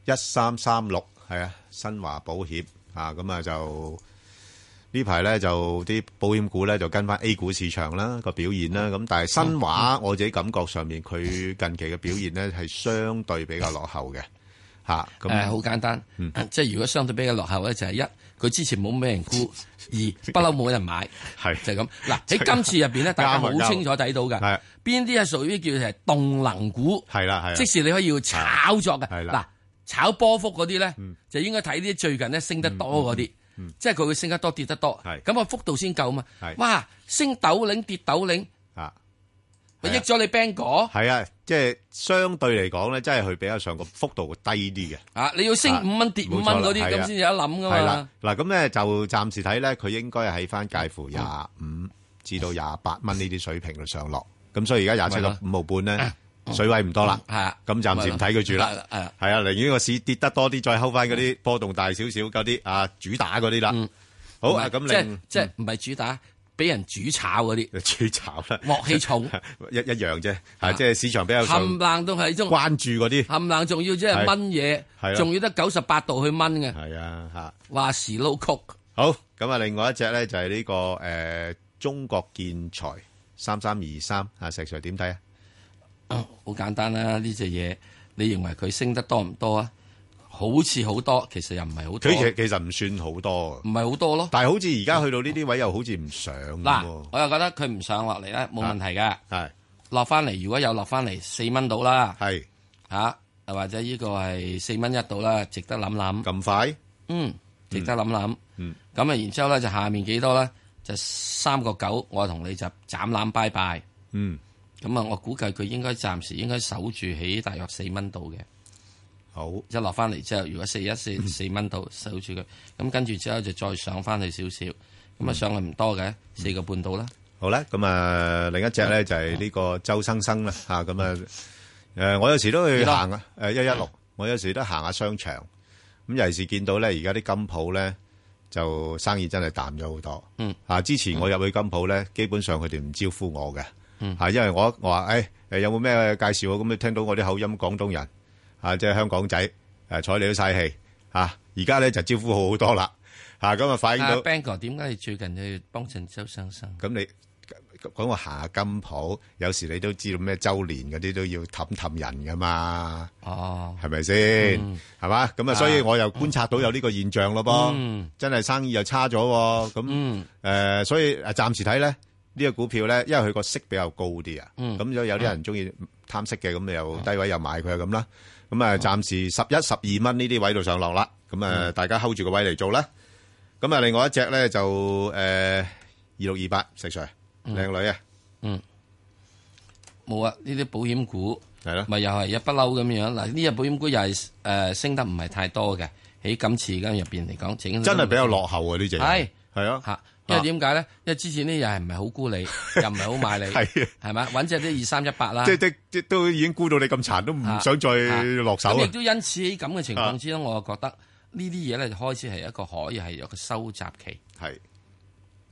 一三三六係啊，新華保險啊，咁啊就呢排咧就啲保險股咧就跟翻 A 股市場啦個表現啦，咁好但係新華，嗯，我自己感覺上面佢近期嘅表現咧係相對比較落後嘅。吓，誒好簡單，即係如果相對比較落後咧，就係一，佢之前冇咩人沽；二，不嬲冇人買，係就係咁。嗱喺今次入邊咧，大家好清楚睇到嘅，邊啲係屬於叫做動能股，係啦係。即時你可以要炒作嘅，嗱炒波幅嗰啲咧，就應該睇啲最近咧升得多嗰啲，即係佢會升得多跌得多，咁個幅度先夠嘛。哇，升斗零跌斗零，咪益咗你 bank 果。係啊。即係相對嚟講咧，即係佢比較上個幅度會低啲嘅。啊，你要升五蚊跌五蚊嗰啲，咁先有一諗噶嘛。係啦，嗱咁咧就暫時睇咧，佢應該係喺翻介乎廿五至到廿八蚊呢啲水平上落。咁所以而家廿七到五毫半咧水位唔多啦。係啊，咁暫時唔睇佢住啦。係啊，係啊，寧願個市跌得多啲，再溝翻嗰啲波動大少少嗰啲啊主打嗰啲啦。好啊，咁即即唔係主打。俾人煮炒嗰啲，煮炒啦，鑊氣重一一樣啫，吓、啊、即係市場比較。冚冷都係一種關注啲，冚冷仲要即係炆嘢，仲、啊、要得九十八度去炆嘅。係啊，吓、啊、話時撈曲。好，咁啊，另外一隻咧就係、是、呢、這個誒、呃、中國建材三三二三啊，石 Sir 點睇啊？好、哦、簡單啦、啊，呢隻嘢你認為佢升得多唔多啊？好似好多，其實又唔係好多。其實其實唔算好多，唔係好多咯。但係好似而家去到呢啲位，又好似唔上嗱。我又覺得佢唔上落嚟咧，冇問題嘅。係落翻嚟，如果有落翻嚟，四蚊到啦。係嚇是、啊，或者呢個係四蚊一度啦，值得諗諗。咁快？嗯，值得諗諗。嗯，咁啊，然之後咧就下面幾多咧，就三個九，我同你就斬纜拜拜。嗯，咁啊，我估計佢應該暫時應該守住喺大約四蚊度嘅。好，一落翻嚟之後，如果四一四四蚊度守住佢，咁跟住之後就再上翻去少少，咁啊上嘅唔多嘅，四個半度啦。好啦，咁、嗯、啊另一隻咧就係呢個周生生啦，咁啊，我有時都去行啊誒一一六，我有時都行下商場，咁尤其是見到咧而家啲金鋪咧就生意真係淡咗好多。嗯，啊之前我入去金鋪咧，嗯、基本上佢哋唔招呼我嘅，嚇、嗯，因為我我話誒、哎、有冇咩介紹啊？咁你聽到我啲口音廣東人。啊！即係香港仔，誒、啊、睬你都嘥氣嚇，而家咧就招呼好好多啦嚇，咁啊就反映到。啊、Banker 點解你最近要幫襯周生生？咁你講個下金舖，有時你都知道咩周年嗰啲都要氹氹人噶嘛？哦，係咪先？係嘛、嗯？咁啊，所以我又觀察到有呢個現象咯噃。嗯。真係生意又差咗喎。咁嗯、呃。所以暫時睇咧，呢、這個股票咧，因為佢個息比較高啲啊。嗯。咁有啲人中意貪息嘅，咁你、嗯、又低位又買佢咁啦。哦。咁啊，暫時十一、十二蚊呢啲位度上落啦，咁啊，大家 hold 住個位嚟做啦。咁啊，另外一隻咧就誒二六二八，食、呃、誰？靚、嗯、女啊？嗯，冇啊，呢啲保險股係咯，咪又係一不嬲咁樣。嗱，呢隻保險股又係誒、呃、升得唔係太多嘅，喺今次間入邊嚟講，真係比較落後啊！呢隻係係啊吓。的的因為點解咧？因為之前呢又係唔係好沽你，又唔係好買你，係嘛 (laughs) 是的？揾隻啲二三一八啦，即係都已經沽到你咁殘，都唔想再落手。咁亦都因此喺咁嘅情況之中，我就覺得呢啲嘢咧就開始係一個可以係有個收集期。係，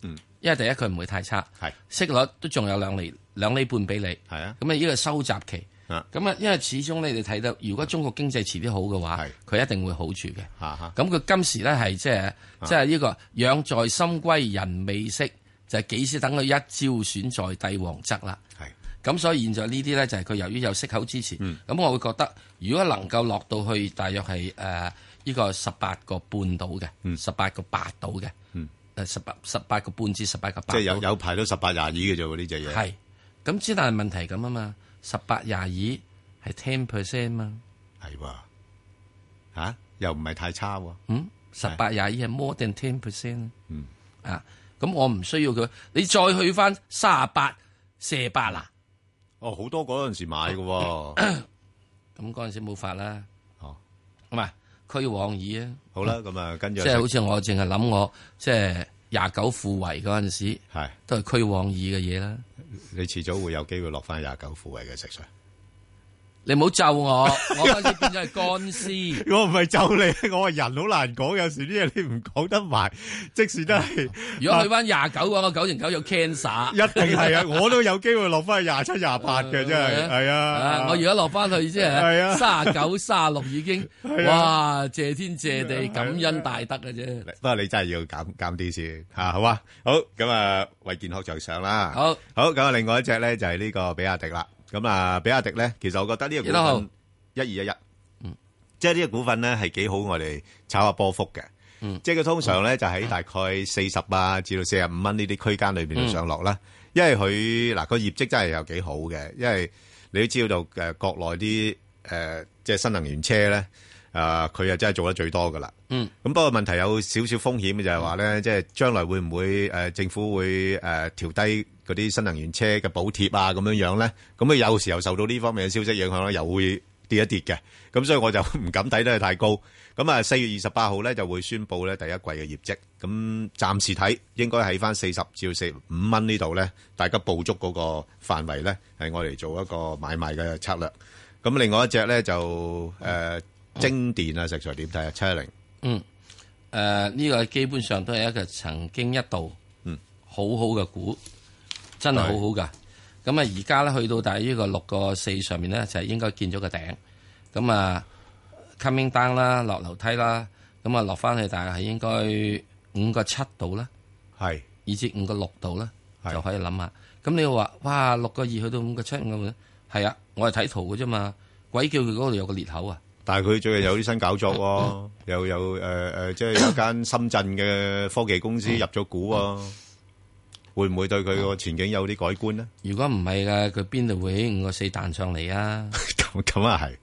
嗯，因為第一佢唔會太差，係的息率都仲有兩厘兩厘半俾你，係啊的，咁啊呢個收集期。咁啊，因為始終你哋睇到如果中國經濟遲啲好嘅話，佢是一定會好處嘅。咁佢、啊啊、今時咧係即係即係呢個、啊、養在深閨人未識，就係、是、幾時等佢一朝選在帝王側啦。咁是所以現在呢啲咧就係、是、佢由於有息口支持。咁、嗯、我會覺得，如果能夠落到去大約係誒呢個十八個半到嘅，十八個八到嘅，十八十八個半至十八個八。即係有有排到十八廿二嘅啫喎，呢隻嘢。係咁，只但係問題咁啊嘛。十八廿二係 ten percent 啊？係喎，啊又唔係太差喎。嗯，十八廿二係 more than ten percent。嗯啊，咁我唔需要佢。你再去翻三十八、四十八啦。哦，好多嗰陣時買嘅，啊，咁嗰陣時冇法啦。哦，唔係區往二啊。好，好啦，咁啊跟住即係好似我淨係諗我即係廿九附圍嗰陣時，係都係區往二嘅嘢啦。你遲早會有機會落返廿九富位嘅食水。你唔好咒我，我開始變咗係乾屍。我唔係咒你，我話人好難講，有時啲嘢你唔講得埋，即使都係。如果去翻廿九嘅話，我九成九有 cancer。一定係啊，我都有機會落翻去廿七、廿八嘅，真係係啊。我而家落翻去啫係卅九、卅六已經，哇！謝天謝地，感恩大德嘅啫。不過你真係要減減啲先吓，好啊好咁啊，為健康着想啦。好好咁啊，另外一隻咧就係呢個比亞迪啦。咁啊，比亞迪咧，其實我覺得呢個股份一二一一，嗯，即係呢個股份咧係幾好我哋炒下波幅嘅，嗯，即係佢通常咧就喺大概四十啊至到四十五蚊呢啲區間裏邊上落啦，因為佢嗱個業績真係有幾好嘅，因為你都知道誒國內啲誒即係新能源車咧。誒佢又真係做得最多噶啦，嗯，咁不過問題有少少風險嘅就係話咧，即係將來會唔會誒政府會誒調低嗰啲新能源車嘅補貼啊咁樣樣咧，咁佢有時候受到呢方面嘅消息影響咧，又會跌一跌嘅，咁所以我就唔敢睇得太高。咁啊，四月二十八號咧就會宣布咧第一季嘅業績，咁暫時睇應該喺翻四十至到四五蚊呢度咧，大家捕捉嗰個範圍咧，係我嚟做一個買賣嘅策略。咁另外一隻咧就誒。精電啊，食材點睇啊？七一零，嗯，誒、呃、呢、這個基本上都係一個曾經一度，嗯，好好嘅股，真係好好噶。咁啊是，而家咧去到大概呢個六個四上面咧，就係應該見咗個頂。咁啊，coming down 啦，落樓梯啦，咁啊落翻去，大概係應該五個七度啦，係，以至五個六度啦，是就可以諗下。咁你話哇，六個二去到五個七咁樣，係啊，我係睇圖嘅啫嘛，鬼叫佢嗰度有個裂口啊！但係佢最近有啲新搞作，又有誒誒，即係有間深圳嘅科技公司入咗股，會唔會對佢個前景有啲改觀咧？如果唔係嘅，佢邊度會起五個四彈上嚟啊？咁咁啊係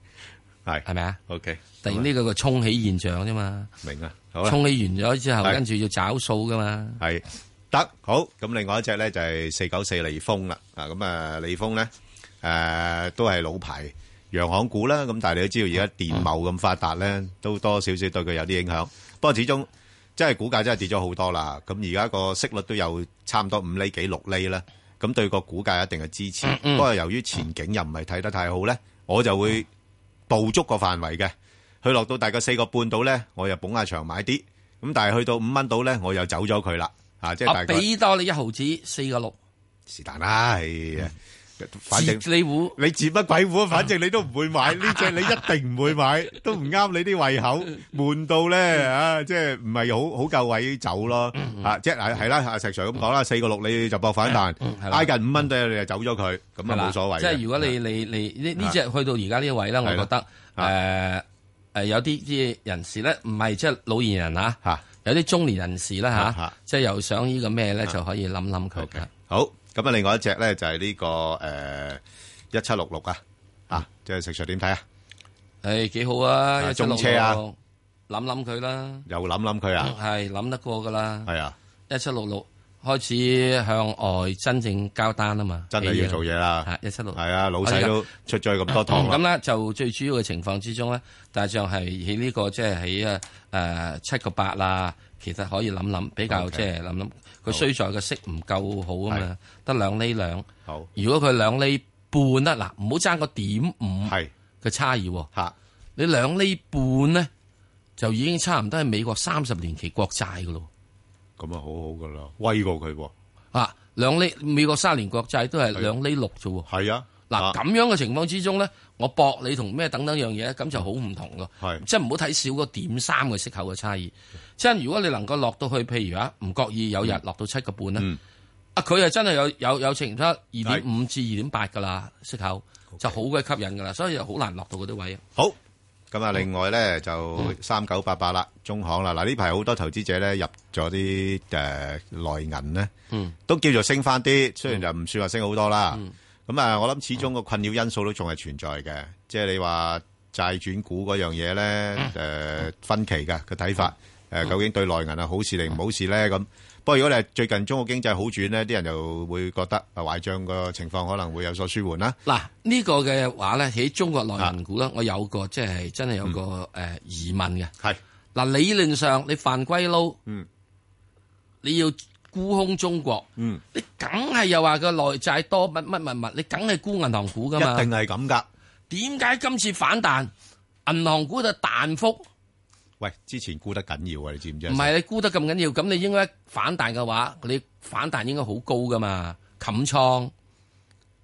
係係咪啊？OK，突然呢個個衝起現象啫嘛，明啊，好。衝起完咗之後，跟住要找數噶嘛，係得好。咁另外一隻咧就係四九四利豐啦。啊，咁啊利豐咧誒都係老牌。洋行股啦，咁但係你都知道而家電貿咁發達咧，都多少少對佢有啲影響。不過始終，即係股價真係跌咗好多啦。咁而家個息率都有差唔多五厘幾六厘啦。咁對個股價一定係支持。不過、嗯嗯、由於前景又唔係睇得太好咧，我就會捕捉個範圍嘅。去落到大概四個半到咧，我又捧下場買啲。咁但係去到五蚊到咧，我又走咗佢啦。啊，即係俾多你一毫子，四個六是但啦，係、嗯。反正你胡你折乜鬼胡啊？反正你都唔會買呢隻，你一定唔會買，都唔啱你啲胃口，悶到咧啊！即係唔係好好夠位走咯，吓即係係啦，阿石 Sir 咁講啦，四個六你就搏反彈，挨近五蚊對你就走咗佢，咁啊冇所謂。即係如果你你你呢呢隻去到而家呢位咧，我覺得誒誒有啲啲人士咧，唔係即係老年人吓吓，有啲中年人士啦吓，即係又想呢個咩咧就可以諗諗佢嘅好。咁啊，另外一隻咧就係呢、這個誒一七六六啊，啊、嗯，即係食食點睇啊？誒、哎，幾好啊！一中車啊，諗諗佢啦。又諗諗佢啊？係諗、嗯、得過噶啦。係啊，一七六六開始向外真正交單啊嘛，真係要做嘢啦。一七六係啊，老細都出咗咁多堂。咁啦、啊，嗯、就最主要嘅情況之中咧，但係就係喺呢個即係喺啊誒七個八啦，其實可以諗諗比較 Okay. 即係諗諗。佢好雖在個息唔夠好啊嘛，得兩嗎厘兩好。如果佢兩厘半咧，嗱唔好爭個點五嘅差異喎。是 你兩厘半呢，就已經差唔多係美國三十年期國債嘅咯。咁啊，好好㗎喇，威過佢喎。啊，兩厘美國三年國債都係兩厘六啫喎。係啊。嗱咁、啊、樣嘅情況之中咧，我搏你同咩等等樣嘢咁就好唔同咯，嗯、即係唔好睇少個點三個息口嘅差異。嗯、即係如果你能夠落到去，譬如啊、嗯、啊，唔覺意有日落到七個半咧，啊佢係真係有有有成得二點五至二點八噶啦息口，是就好鬼吸引噶啦，所以好難落到嗰啲位。好咁啊！另外咧就三九八八啦，嗯、中行啦，嗱呢排好多投資者咧入咗啲誒內銀咧，嗯、都叫做升翻啲，雖然就唔算話升好多啦。嗯嗯。咁啊、嗯，我諗始終個困擾因素都仲係存在嘅，即係你話債轉股嗰樣嘢咧，誒、嗯呃，分歧㗎個睇法，誒、呃，究竟對內銀係好事定唔好事咧？咁、嗯，嗯、不過如果你係最近中國經濟好轉咧，啲人就會覺得壞賬個情況可能會有所舒緩啦。嗱，呢個嘅話咧，喺中國內銀股呢，我有個即係真係有個誒疑問嘅。係嗱，理論上你犯規撈，嗯，你，嗯你要。沽空中國，嗯、你梗係又話個內債多乜乜乜物，你梗係沽銀行股噶嘛？一定係咁噶。點解今次反彈銀行股就彈幅？喂，之前沽得緊要啊，你知唔知？唔係你沽得咁緊要，咁你應該反彈嘅話，你反彈應該好高噶嘛？冚倉，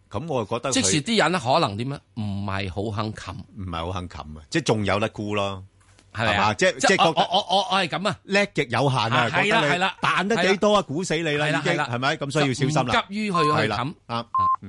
咁我覺得即時啲人可能點啊？唔係好肯冚，唔係好肯冚啊，即係仲有得沽啦。係啊，即即我我我我係咁啊，叻極有限啊，係啦，彈得幾多啊，估死你啦，已經係咪？咁所以要小心啦，急於去去抌啊。